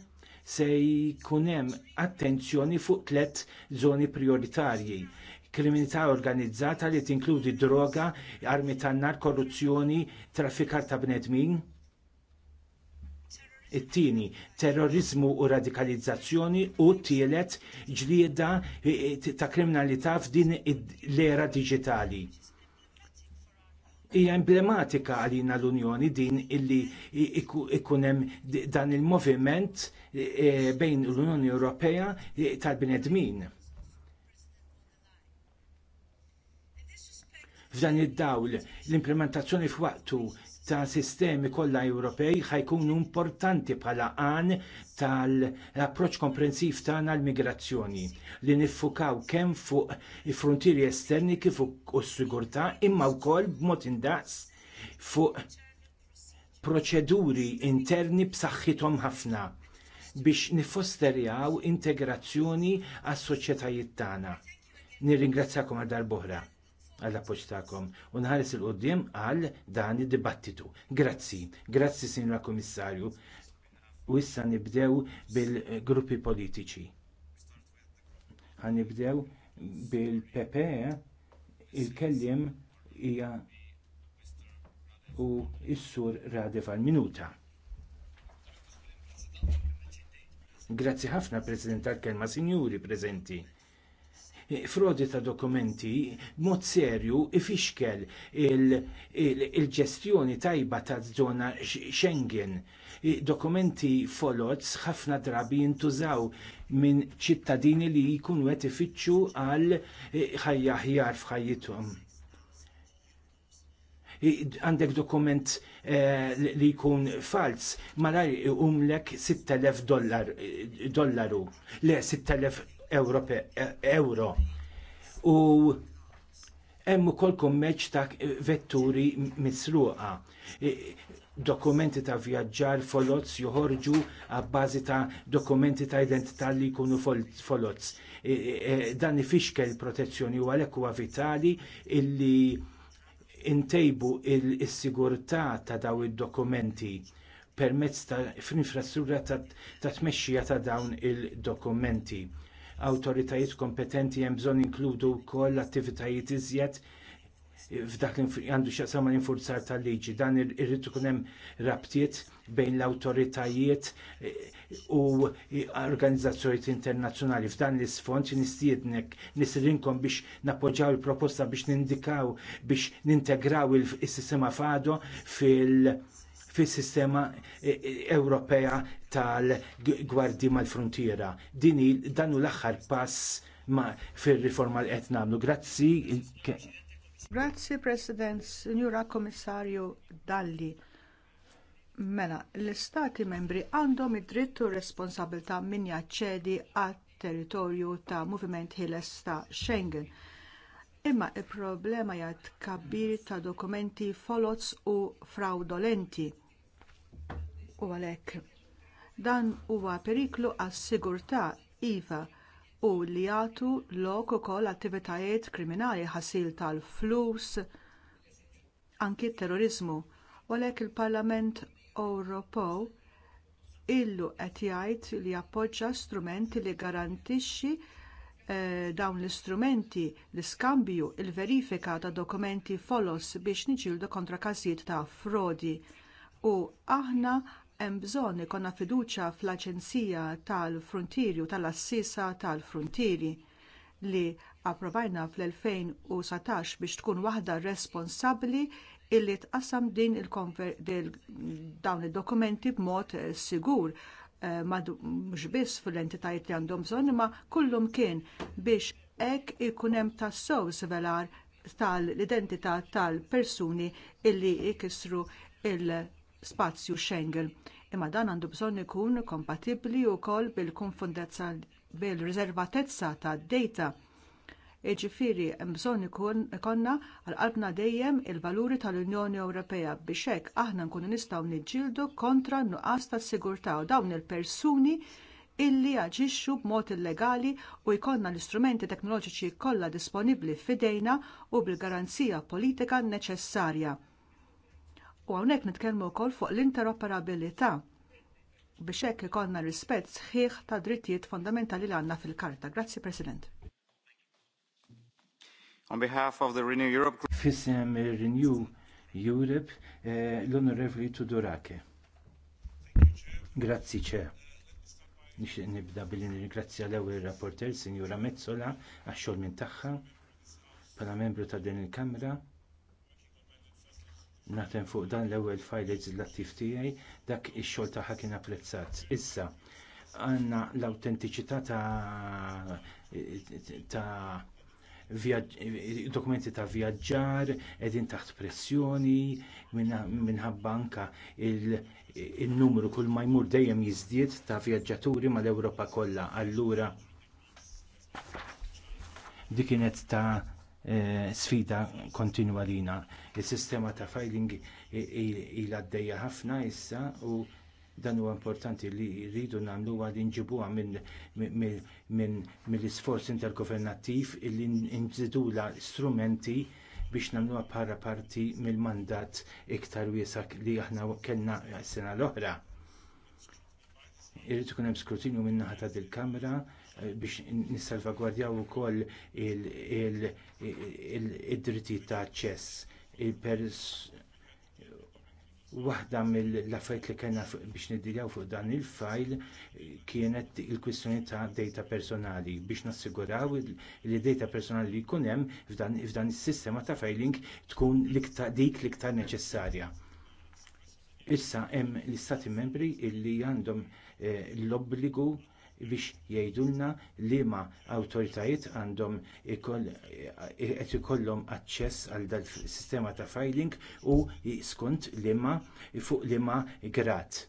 se jkun hemm attenzjoni fuq tliet żoni prioritarji kriminalità organizzata li tinkludi droga, armi tan-nar, korruzzjoni, traffikar ta' bnedmin. It-tieni, terrorizmu u radikalizzazzjoni u t-tielet ġlieda e, e, ta' kriminalità f'din l-era digitali. hija emblematika għalina l-Unjoni din illi ikun hemm dan il-moviment e, bejn l-Unjoni Ewropea tal-bnedmin. F'dan id-dawl l-implementazzjoni f'waqtu ta' sistemi kollha Ewropej ħajkunu importanti bħala għan tal-approċ komprensiv tagħna l-migrazzjoni li niffukaw kemm fuq il-frontieri esterni kif u s-sigurtà imma wkoll b'mod indaqs fuq proċeduri interni b'saħħithom ħafna biex nifosterjaw integrazzjoni għas soċjetajiet tagħna. Nirringrazzjakom għal darbohra għall-appoġġ tagħkom u nħares il qudiem għal dan id-dibattitu. Grazzi, grazzi Sinjora Komissarju. U issa nibdew bil-gruppi politiċi. nibdew bil-PP il-kellim hija u issur sur radef għal-minuta. Grazzi ħafna President tal-kelma Sinjuri prezenti frodi ta' dokumenti mod serju ifixkel il-ġestjoni tajba ta' żona Schengen. Dokumenti folots ħafna drabi jintużaw minn ċittadini li jkunu qed ifittxu għal e, ħajja ħjar f'ħajjithom għandek dokument e, li jkun fals, malaj umlek 6.000 e, dollaru, le 6.000 E, euro. U hemm ukoll kummeċ ta' vetturi misruqa. Dokumenti ta' vjaġġar folozz joħorġu għabbażi ta' dokumenti ta' identità li jkunu folozz. E, dan l protezzjoni u għalhekk huwa vitali illi intejbu il-sigurtà ta' daw id-dokumenti permezz ta' fl-infrastruttura ta' tmexxija ta' dawn il-dokumenti awtoritajiet kompetenti hemm bżonn inkludu wkoll attivitajiet iżjed f'dak li għandu xaqsam ma infurzar tal-liġi. Dan irrid ikun hemm rabtiet bejn l-awtoritajiet eh, u organizzazzjonijiet internazzjonali. F'dan l-isfond nistiednek nisirinkom biex nappoġġaw il-proposta biex nindikaw biex nintegraw is sistema fado fil- fis-sistema e, e, Ewropea tal-Gwardji mal-Frontiera. Dini dan l-aħħar pass ma fir-riforma li qed nagħmlu. Grazzi. Grazzi President, Signora Komissarju Dalli. Mela, l-Istati membri għandhom id-dritt u responsabilità min jaċċedi għat territorju ta' Moviment Hilles ta' Schengen. Imma l problema hija tkabbir ta' dokumenti folots u fraudolenti u għalhekk. Dan huwa periklu għas-sigurtà iva u li jagħtu lok ukoll attivitajiet kriminali ħasil tal-flus anki t terrorizmu. U għalhekk il-Parlament Ewropew illu qed jgħid li appoġġa strumenti li garantixxi eh, dawn l-istrumenti, l-iskambju, il-verifika ta' dokumenti folos biex niġildu kontra każijiet ta' frodi. U aħna hemm bżonn ikonna fiduċja fl-Aġenzija tal-Frontieri u tal-Assisa tal-Frontieri li approvajna fl-2017 biex tkun waħda responsabbli illi tqassam din il dawn id-dokumenti b'mod eh, sigur eh, mhux biss fil-entitajiet li għandhom bżonn imma kullum kien biex hekk ikun hemm tassew velar tal-identità tal-persuni illi jkissru il- spazju Schengen. Imma dan għandu bżonn ikun kompatibbli wkoll bil-konfundezza bil-riservatezza tad data Jiġifieri hemm bżonn ikun konna għal-qalbna dejjem il-valuri tal-Unjoni Ewropea biex hekk aħna nkunu nistgħu niġġieldu kontra n-nuqqas ta' sigurtà u dawn il-persuni illi jaġixxu b'mod illegali u jkollna l-istrumenti teknoloġiċi kollha disponibbli f'idejna u bil-garanzija politika neċessarja U hawnhekk nitkellmu wkoll fuq l-interoperabilità biex hekk ikollna rispett sħiħ ta' drittijiet fondamentali li għandna fil-karta. Grazzi President. On behalf of the Renew Europe Fissem Renew Europe, eh, l onorevli Tudorake. Grazzi ċe. Nixtieq nibda billi nirringrazzja l-ewwel rapporter Sinjura Mezzola għax-xogħol minn tagħha bħala membru ta' din il-Kamra naħdem fuq dan l-ewwel fajl leġislattiv tiegħi dak ix-xogħol tagħha kien apprezzat. Issa għandna l-awtentiċità ta' dokumenti ta' vjaġġar, qegħdin taħt pressjoni, minħabba anka il-numru kull ma jmur dejjem jiżdied ta' vjaġġaturi mal-Ewropa kollha. Allura dik kienet ta' Eh, sfida kontinwa lina. Il-sistema ta' filing il għaddejja ħafna issa u dan huwa importanti li rridu nagħmlu huwa li nġibuha mill-isforz intergovernattiv li nżidula strumenti biex nagħmluha bħala parti mill-mandat iktar wiesak li aħna kellna s-sena l-oħra. Irrid ikun hemm skrutinju min ta' dil-Kamra biex nissalvagwardjaw ukoll id dritti ta' aċċess. Waħda mill-affarijiet li kellna biex nidiljaw fuq dan il file kienet il-kwistjoni ta' data personali biex nassiguraw li data personali li jkun hemm f'dan is-sistema ta' filing tkun dik l-iktar neċessarja. Issa hemm l-istati membri li għandhom eh, l-obbligu biex jgħidulna liema awtoritajiet għandhom qed ikollhom aċċess għal dal sistema ta' filing u skont liema fuq liema grad.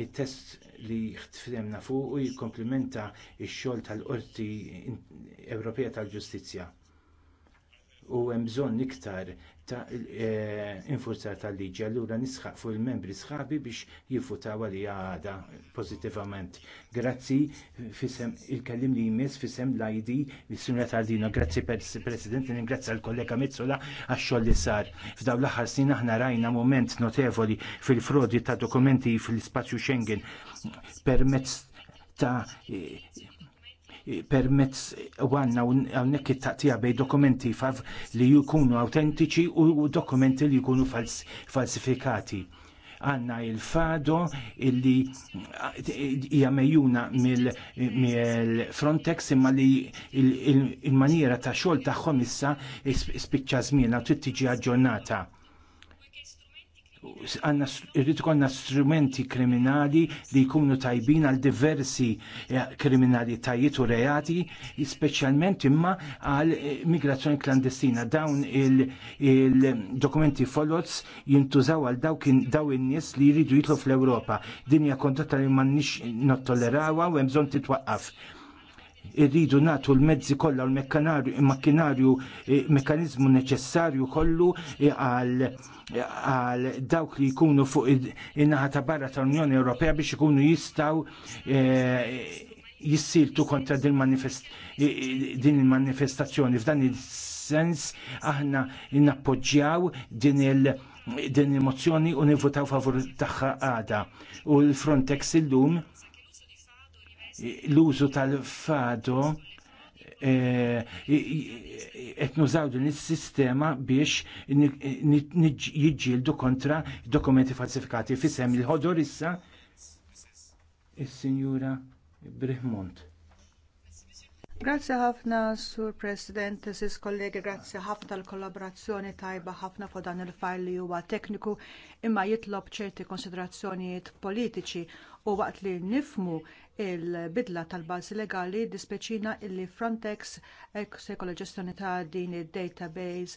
it test li ħtfremna fuq jikkomplimenta x-xogħol tal-Qorti Ewropea tal-Ġustizzja u hemm bżonn iktar ta' e, infurzar tal-liġi allura nisħaq fuq il-membri sħabi biex jifutaw għalija għada pożittivament. Grazzi fisem il-kellim li jmiss fisem l-ID l-sunja tal-dino. Grazzi President, ringrazzja l-kollega Mizzola għax-xogħol li sar. F'daw l-aħħar snin aħna rajna mument notevoli fil-frodi ta' dokumenti fl-ispazju Schengen permezz ta' permezz għanna għawnek it-taqtija bej dokumenti li jkunu autentiċi u dokumenti li jkunu fals falsifikati. Għanna il-fado illi eh, hija mejjuna mill-Frontex imma li il-maniera ta' xogħol tagħhom issa spiċċa zmina u trid tiġi aġġornata għanna irrid għanna strumenti kriminali li jkunu tajbin għal diversi eh, kriminalitajiet u reati, specialment imma għal eh, migrazzjoni klandestina. Dawn il-dokumenti il folots jintużaw għal dawk daw in-nies li jridu jitlu fl-Ewropa. Dinja kontotta li ma nix tollerawa u jemżon bżonn titwaqqaf irridu natu l-mezzi kollha l-mekkanarju l-makkinarju eh, mekkanizmu neċessarju kollu eh, għal dawk li jkunu fuq in-naħa ta' barra tal-Unjoni Ewropea biex ikunu jistaw eh, jissiltu kontra din il-manifestazzjoni. F'dan il-sens aħna nappoġġjaw din il- din il-mozzjoni u nivvotaw favur tagħha għada. U l-Frontex illum l-użu tal-fado eh, qed nużaw din is-sistema biex jiġġieldu kontra dokumenti falsifikati fisem il-ħodor issa il sinjura Brihmont. Grazzi ħafna, Sur President, Sis kollegi, grazzi ħafna l-kollaborazzjoni tajba ħafna fuq dan il-fajl li huwa tekniku imma jitlob ċerti konsiderazzjonijiet politiċi u waqt li nifmu il-bidla tal-bażi legali dispeċina illi Frontex se jkollha ġestjoni ta' din id-database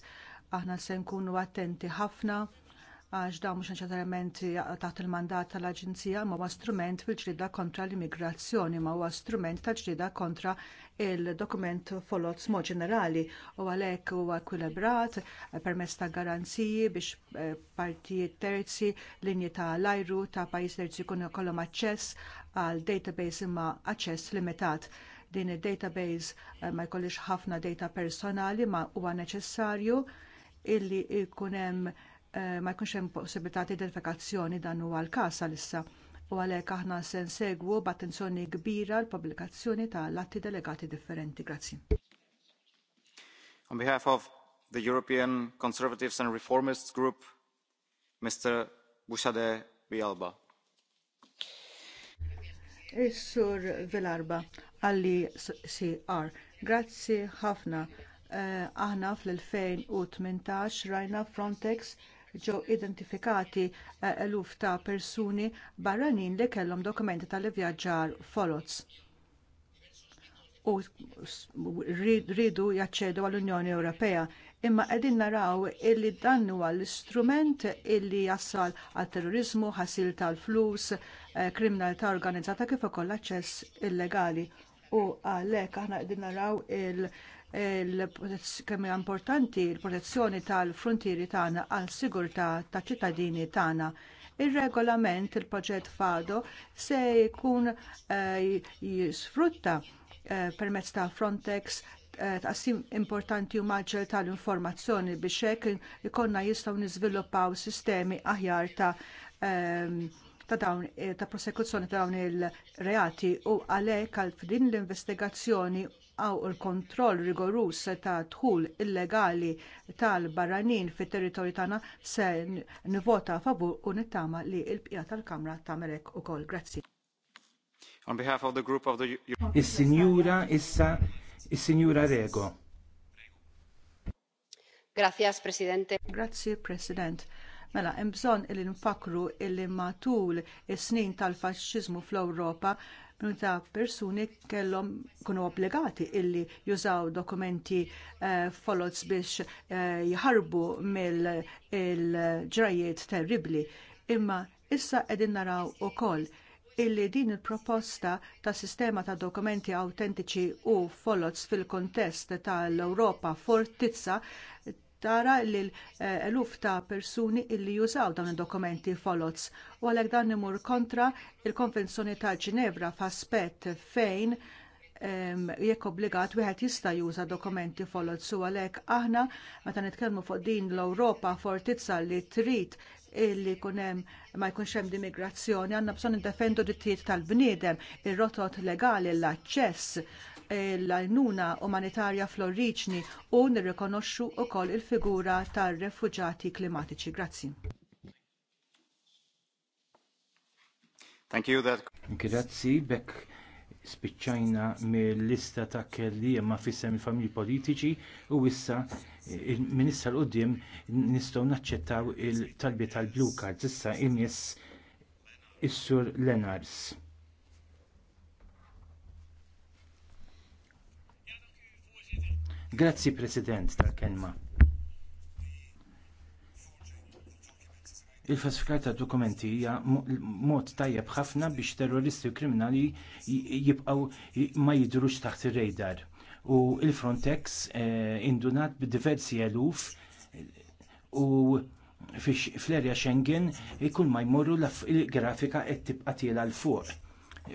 aħna se nkunu attenti ħafna għax dawn mhux neċessarjament taħt il-mandat tal-Aġenzija ma huwa strument fil-ġrida kontra l-immigrazzjoni, ma huwa strument ta' ġrida kontra il-dokument folot mod ġenerali u għalhekk huwa kwilibrat permezz ta' garanziji biex eh, partijiet terzi linji ta' lajru ta' pajjiż terzi jkunu jkollhom aċċess għal database imma aċċess limitat. Din id-database eh, ma jkollix ħafna data personali ma huwa neċessarju illi jkun hemm eh, ma jkunx hemm possibilità ta' identifikazzjoni dan huwa l-każ għalissa u għalhekk aħna se nsegwu b'attenzjoni kbira l-pubblikazzjoni ta' atti delegati differenti. Grazzi. On behalf of the European Conservatives and Reformists Group, Mr. Bushade Bialba. Is-sur Vilarba għalli CR. Grazzi ħafna. Eh, aħna fl-2018 rajna Frontex ġew identifikati eh, eluf ta' persuni barranin li kellhom dokumenti tal-ivvjaġġar folots u rridu jaċċedu għall-Unjoni Ewropea imma qegħdin naraw illi dan huwa l-istrument illi jassal għal terrorizmu, ħasil tal-flus, eh, kriminalità organizzata kif ukoll aċċess illegali. U għalhekk aħna qegħdin naraw il- kemm hija importanti l-protezzjoni tal-frontieri tagħna għal sigurtà taċ ċittadini tagħna. Ir-regolament il il-proġett Fado se jkun eh, jisfrutta eh, permezz ta' Frontex Eh, taqsim importanti u maġġel tal-informazzjoni biex hekk ikonna jistgħu niżviluppaw sistemi aħjar ta' ehm, ta' dawn eh, ta' prosekuzzjoni ta' dawn il-reati u għalhekk għal f'din l-investigazzjoni għaw il-kontroll rigorus ta' dħul illegali tal-barranin fit territorju tagħna se nivota favur u nittama li l-bqija tal-Kamra tagħmel hekk ukoll. Grazzi. On behalf of the group of the... Is-sinjura issa Signora Rego. Grazie, Presidente. Grazie, President. Mela, hemm bżonn nfakru illi matul is-snin tal-faxxiżmu fl-Ewropa ta' persuni kellhom kunu obbligati illi jużaw dokumenti uh, eh, folots biex uh, jħarbu mill-ġrajiet terribli. Imma issa qegħdin naraw ukoll illi din il-proposta ta' sistema ta' dokumenti autentiċi u follots fil-kontest tal-Europa fortizza tara li l-eluf ta' persuni illi jużaw dawn id dokumenti follots u għalhekk dan imur kontra l konvenzjoni ta' Ġinevra f'aspett fejn jekk obbligat wieħed jista' juża dokumenti follots u għalhekk aħna meta nitkellmu fuq din l-Ewropa fortizza li trid illi kunem ma jkunx hemm immigrazzjoni għandna bżonn indefendu drittijiet tal-bniedem, ir-rotot legali, l-aċċess l-għajnuna umanitarja fl-oriġni u nirrikonoxxu wkoll il-figura tar-refuġati klimatiċi. Grazzi. That... Grazzi, bekk spiċċajna mill-lista ta' kelliema fissem il-familji politiċi u issa eh, minissa l-qoddim nistgħu naċċettaw il-talbi tal-blue cards issa imis is-sur Lenars. Grazzi President tal-kelma. il-falsifikar ta' dokumenti hija mod tajjeb ħafna biex terroristi u kriminali jibqaw ma jidrux taħt ir-radar. U il-Frontex eh, indunat b'diversi eluf eh, u fl-erja Schengen ikun eh, ma jmorru il-grafika qed tibqa' tiela l fuq.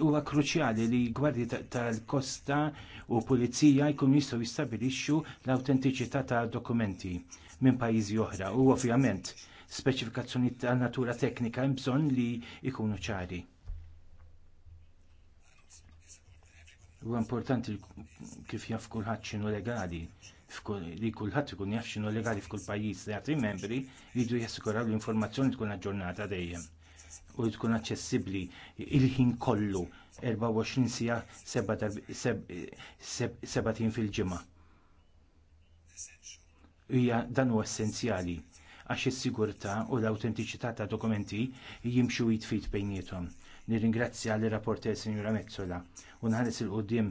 Huwa kruċjali li gwardji tal-kosta u pulizija jkunu jistgħu jistabilixxu l-awtentiċità ta' dokumenti minn pajjiżi oħra u ovvjament speċifikazzjoni ta' natura teknika hemm bżonn li jkunu ċari. U importanti kif jaf kulħadd x'inhu legali li kulħadd ikun jaf xinu legali f'kull pajjiż li għatri membri jridu jassikuraw l-informazzjoni tkun aġġornata dejjem u tkun aċċessibbli il-ħin kollu 24 sija 7 fil-ġimgħa. Hija dan huwa essenzjali għax is-sigurtà u l-awtentiċità ta' dokumenti jimxu jitfit bejniethom. Nirringrazzja l rapporter Sinjura Mezzola u nħares il-qoddim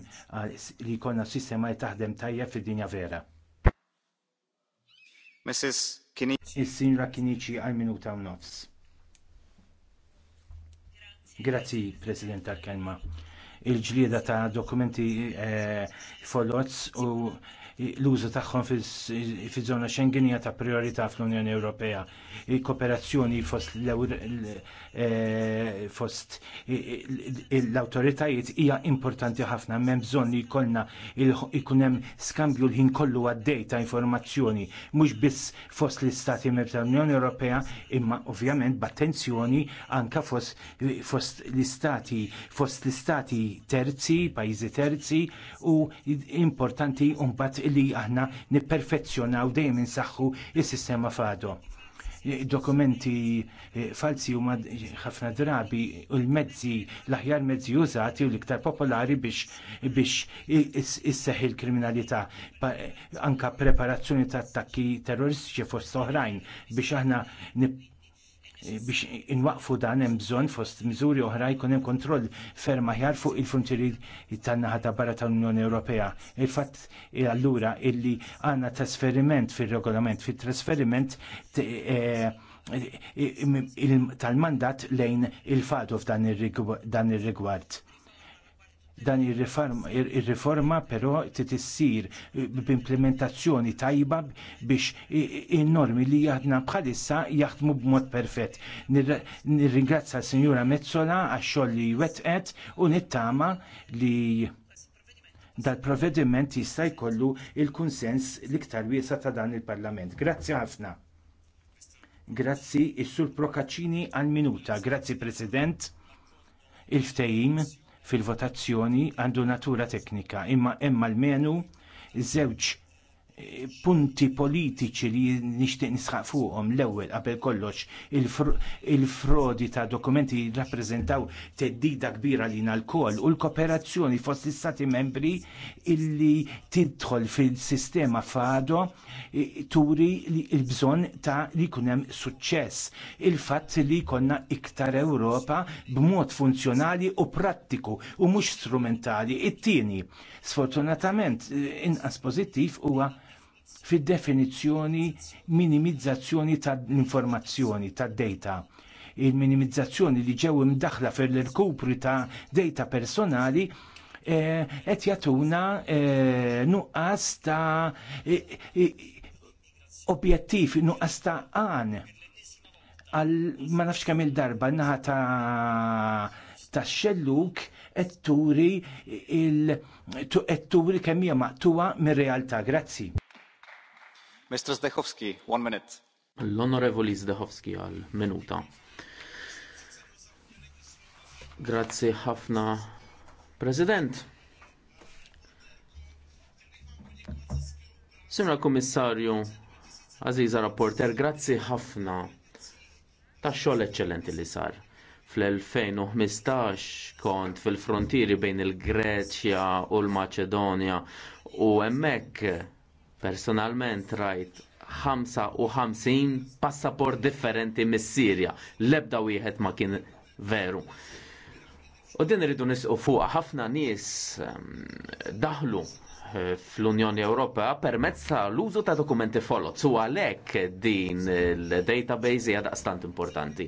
li jkollna sistema li taħdem tajja fid-dinja vera. Mrs. Kinici. Is-Sinjura Kinici għal minuta u nofs. Grazzi, President tal-kelma. Il-ġlieda ta' dokumenti eh, follots u l-użu tagħhom fiż-żona Schengen hija ta' priorità fl-Unjoni Ewropea. Il-kooperazzjoni fost e, fost l-awtoritajiet hija importanti ħafna m'hemm bżonn li jkollna ikun hemm skambju l-ħin kollu għaddej ta' informazzjoni mhux biss fost l-Istati Membri tal-Unjoni Ewropea imma ovvjament b'attenzjoni anka fost l-istati fost l-istati terzi, pajjiżi terzi u importanti mbagħad li aħna nipperfezzjonaw dejjem insaħħu is-sistema fado dokumenti eh, falsi huma ħafna drabi u l-mezzi, l-aħjar mezzi użati u l-iktar popolari biex biex isseħi l-kriminalità eh, anka preparazzjoni ta' attakki terroristiċi fost oħrajn biex aħna biex inwaqfu dan hemm bżonn fost miżuri oħra jkun hemm kontroll ferm aħjar fuq il-frontieri tan-naħa ta' barra tal-Unjoni Ewropea. Il-fatt allura illi għandna trasferiment fir-regolament, fit-trasferiment eh, tal-mandat lejn il-fadu f'dan ir-rigward. Dan ir-riforma però issir b'implementazzjoni tajba biex in-normi li jaħdna bħalissa jaħdmu b'mod perfett. Nirringrazzja l sinjura Mezzola għax-xogħol li wetqet u nittama li dal-provvediment jista' jkollu il-kunsens l-iktar wiesa ta' dan il-Parlament. Grazzi ħafna. Grazzi, is-Sur Procaccini għal minuta. Grazzi, President. Il-ftejim fil-votazzjoni għandu natura teknika, imma hemm almenu żewġ punti politiċi li nixtieq nisħaq fuqhom l-ewwel qabel kollox il-frodi ta' dokumenti jirrappreżentaw teddida kbira lina l-koll u l-kooperazzjoni fost l-istati membri illi tidħol fil-sistema fado turi il-bżonn ta' li jkun hemm suċċess. Il-fatt li jkollna iktar Ewropa b'mod funzjonali u prattiku u mhux strumentali. It-tieni, sfortunatament, inqas pożittiv huwa fid-definizzjoni minimizzazzjoni tal-informazzjoni, tad-data il-minimizzazzjoni li ġew imdaħla fil l-kupri ta' data personali eh, qed jagħtuna eh, nuqqas ta' eh, objettiv, nuqqas ta' għan. ma nafx kemm il-darba naħa ta' ta' xelluk qed turi il turi kemm hija maqtuwa mir-realtà. Grazzi. Mr. Zdechowski, one minute. L-Onorevoli Zdechowski għal minuta. Grazzi ħafna, President. Simra Komissarju, Aziza Rapporter, grazzi ħafna ta' xogħol eccellenti li sar. Fl-2015 kont fil-frontieri bejn il-Greċja u l-Maċedonja u hemmhekk Personalment rajt 55 passaport differenti mis-Sirja. L-ebda wieħed ma kien veru. U din rridu nisqu fuq ħafna nies ehm, daħlu eh, fl-Unjoni Ewropea permezz ta' l-użu ta' dokumenti folot. U għalhekk din il-database hija daqstant importanti.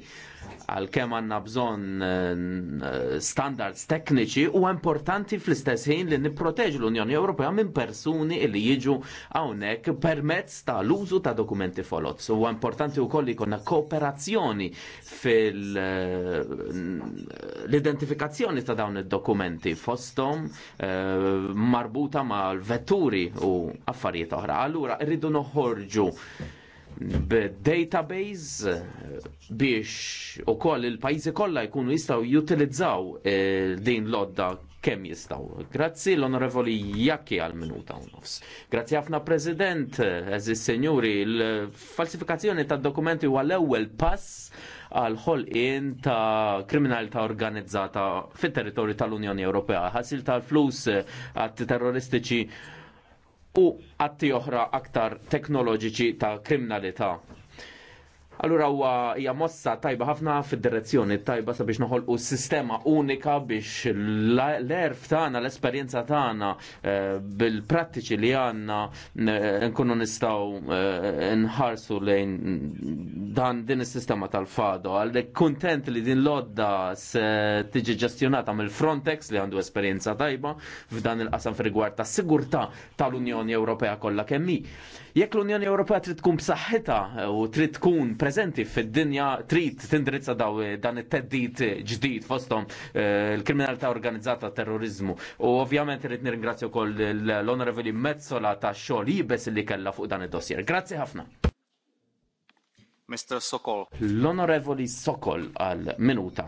Għalkemm għandna bżonn eh, standards tekniċi u importanti fl-istess ħin li nipproteġ l-Unjoni Ewropea minn persuni li jiġu hawnhekk permezz ta' l-użu ta' dokumenti folot. Huwa importanti wkoll li jkollna kooperazzjoni fil-identifikazzjoni eh, l-identifikazzjoni ta' dawn id-dokumenti fosthom marbuta eh, marbuta mal-vetturi u affarijiet oħra. Allura rridu noħorġu b-database eh, biex u koll il-pajzi kollha jkunu jistaw jutilizzaw din eh, din lodda kemm jistaw. Grazzi l-onorevoli Jakki għal minuta u nofs. Grazzi ħafna President, eżis senjuri, l-falsifikazzjoni ta' dokumenti huwa l-ewwel pass għal ħolqien ta' kriminalità organizzata fit-territorju tal-Unjoni Ewropea, ħasil tal-flus għatti eh, terroristiċi u għatti oħra aktar teknoloġiċi ta' kriminalità Allura huwa hija mossa tajba ħafna fid-direzzjoni tajba sabiex noħolqu sistema unika biex l-erf tagħna, l-esperjenza tagħna eh, bil-prattiċi li għandna eh, nkunu nistgħu eh, nħarsu lejn dan din is-sistema tal-fado. Għaldek kuntent li din lodda se tiġi ġestjonata mill Frontex li għandu esperjenza tajba f'dan il-qasam fir-rigward tas-sigurtà tal-Unjoni Ewropea kollha kemm hi. Jekk l-Unjoni Ewropea trid tkun b'saħħitha u trid tkun preżenti fid-dinja trid tindrizza daw dan it-teddid ġdid fosthom eh, l-kriminalità organizzata terrorizmu. U ovvjament irid nirringrazzja wkoll l-Onorevoli Mezzola ta' xogħol jibes li kellha fuq dan id-dossier. Grazzi ħafna. Mr. Sokol. L-Onorevoli Sokol għal minuta.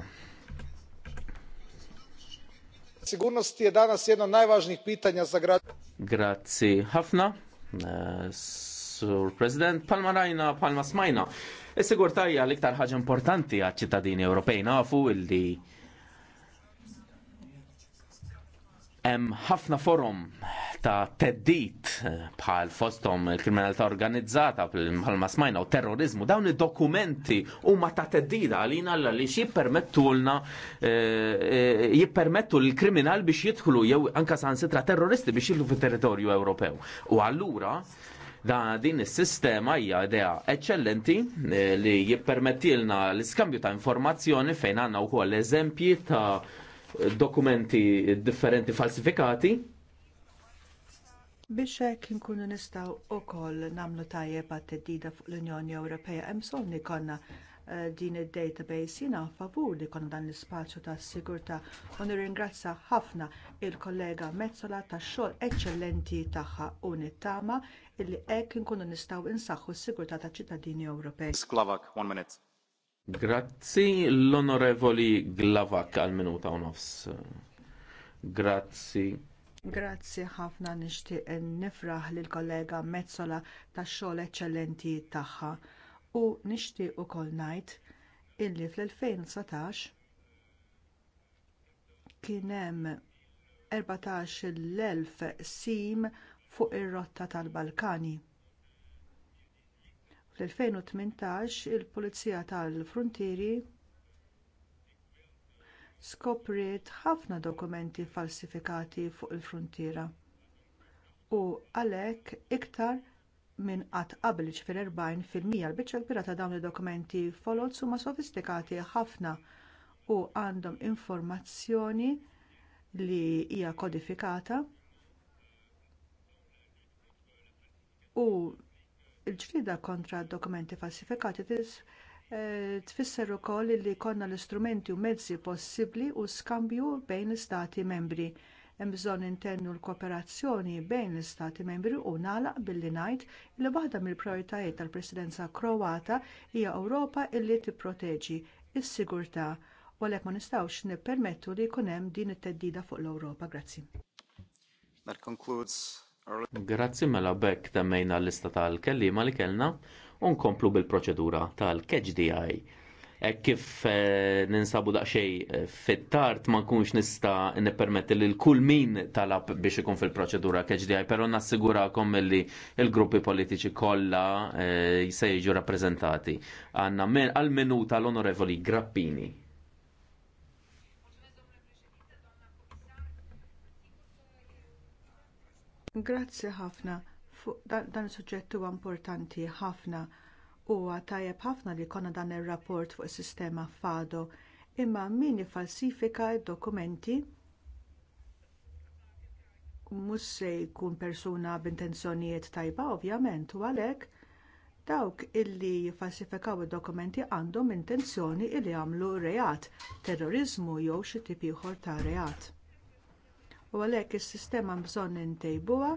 Sigurnost je danas jedno od najvažnijih pitanja za građane. Grazie. Hafna. Sur President, palma rajna, palma smajna. Is-sigurtajja l-iktar ħaġa importanti għal ċittadini Ewropej nafu illi Hemm ħafna forum ta' teddit eh, bħal fosthom il-kriminalità organizzata bħal ma smajna u terrorizmu dawn id-dokumenti huma ta' teddida għalina l li jippermettulna eh, eh, jippermettu l-kriminal biex jidħlu jew anka sansitra terroristi biex jidħlu fit-territorju Ewropew. U allura da din is-sistema hija idea eċċellenti li jippermettilna l-iskambju ta' informazzjoni fejn għandna wkoll eżempji ta' dokumenti differenti falsifikati. Biex hekk inkunu nistgħu wkoll nagħmlu tajjeb għat-teddida fuq l-Unjoni Ewropea hemm bżonn konna eh, din id-database jina favur li konna dan l-ispazju ta' sigurta u nirringrazza ħafna il-kollega Mezzola tax-xogħol eċċellenti tagħha unittama illi hekk inkunu nistgħu insaħħu s sigurta ta' ċittadini Ewropej. Sklavak, one minute. Grazzi l-onorevoli Glavak għal minuta u nofs. Grazzi. Grazzi ħafna nixtieq nifraħ lill kollega Mezzola tax-xogħol eċċellenti tagħha u nixtieq ukoll ngħid illi fl-2019 kien hemm 14 l-elf sim fuq ir-rotta tal-Balkani. Fl-2018 il-Pulizija tal-Frontieri skopriet ħafna dokumenti falsifikati fuq il-frontiera u għalhekk iktar minn qatt qabel ġifir 40 fil-mija l-biċċa kbira ta' dawn id-dokumenti folots huma sofistikati ħafna u għandhom informazzjoni li hija kodifikata u Il-ġlida kontra d dokumenti falsifikati eh, tfisser ukoll li jkollna l-istrumenti u mezzi possibbli u skambju bejn l-istati membri. Hemm bżonn intennu l-kooperazzjoni bejn l-istati membri u nagħlaq billi ngħid li waħda mill-prijoritajiet tal-Presidenza Kroata hija Ewropa li tipproteġi s-sigurtà u għalhekk ma nistgħux nippermettu li jkun hemm din it-teddida fuq l-Ewropa. Grazzi. Grazzi mela bekk temmejna l-lista tal-kellima li kellna u nkomplu bil-proċedura tal-KHDI. E kif e, ninsabu daqxej e, fit-tart ma nkunx nista nippermetti li l-kull min talab biex ikun fil-proċedura KHDI, pero nassigurakom li il-gruppi politiċi kollha e, se jiġu rappreżentati. Għanna għal-minuta l-onorevoli Grappini. Grazzi ħafna. Dan il suġġett huwa importanti ħafna. Huwa tajjeb ħafna li konna dan ir-rapport fuq is-sistema fado imma min jifalsifika d-dokumenti Musse se jkun persuna b'intenzjonijiet tajba ovvjament u għalhekk dawk illi jifalsifikaw id-dokumenti għandhom intenzjoni li jagħmlu reat, terrorizmu jew xi tipieħor ieħor ta' reat u għalhekk is-sistema bżonn intejbuha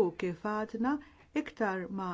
u kif għadna iktar ma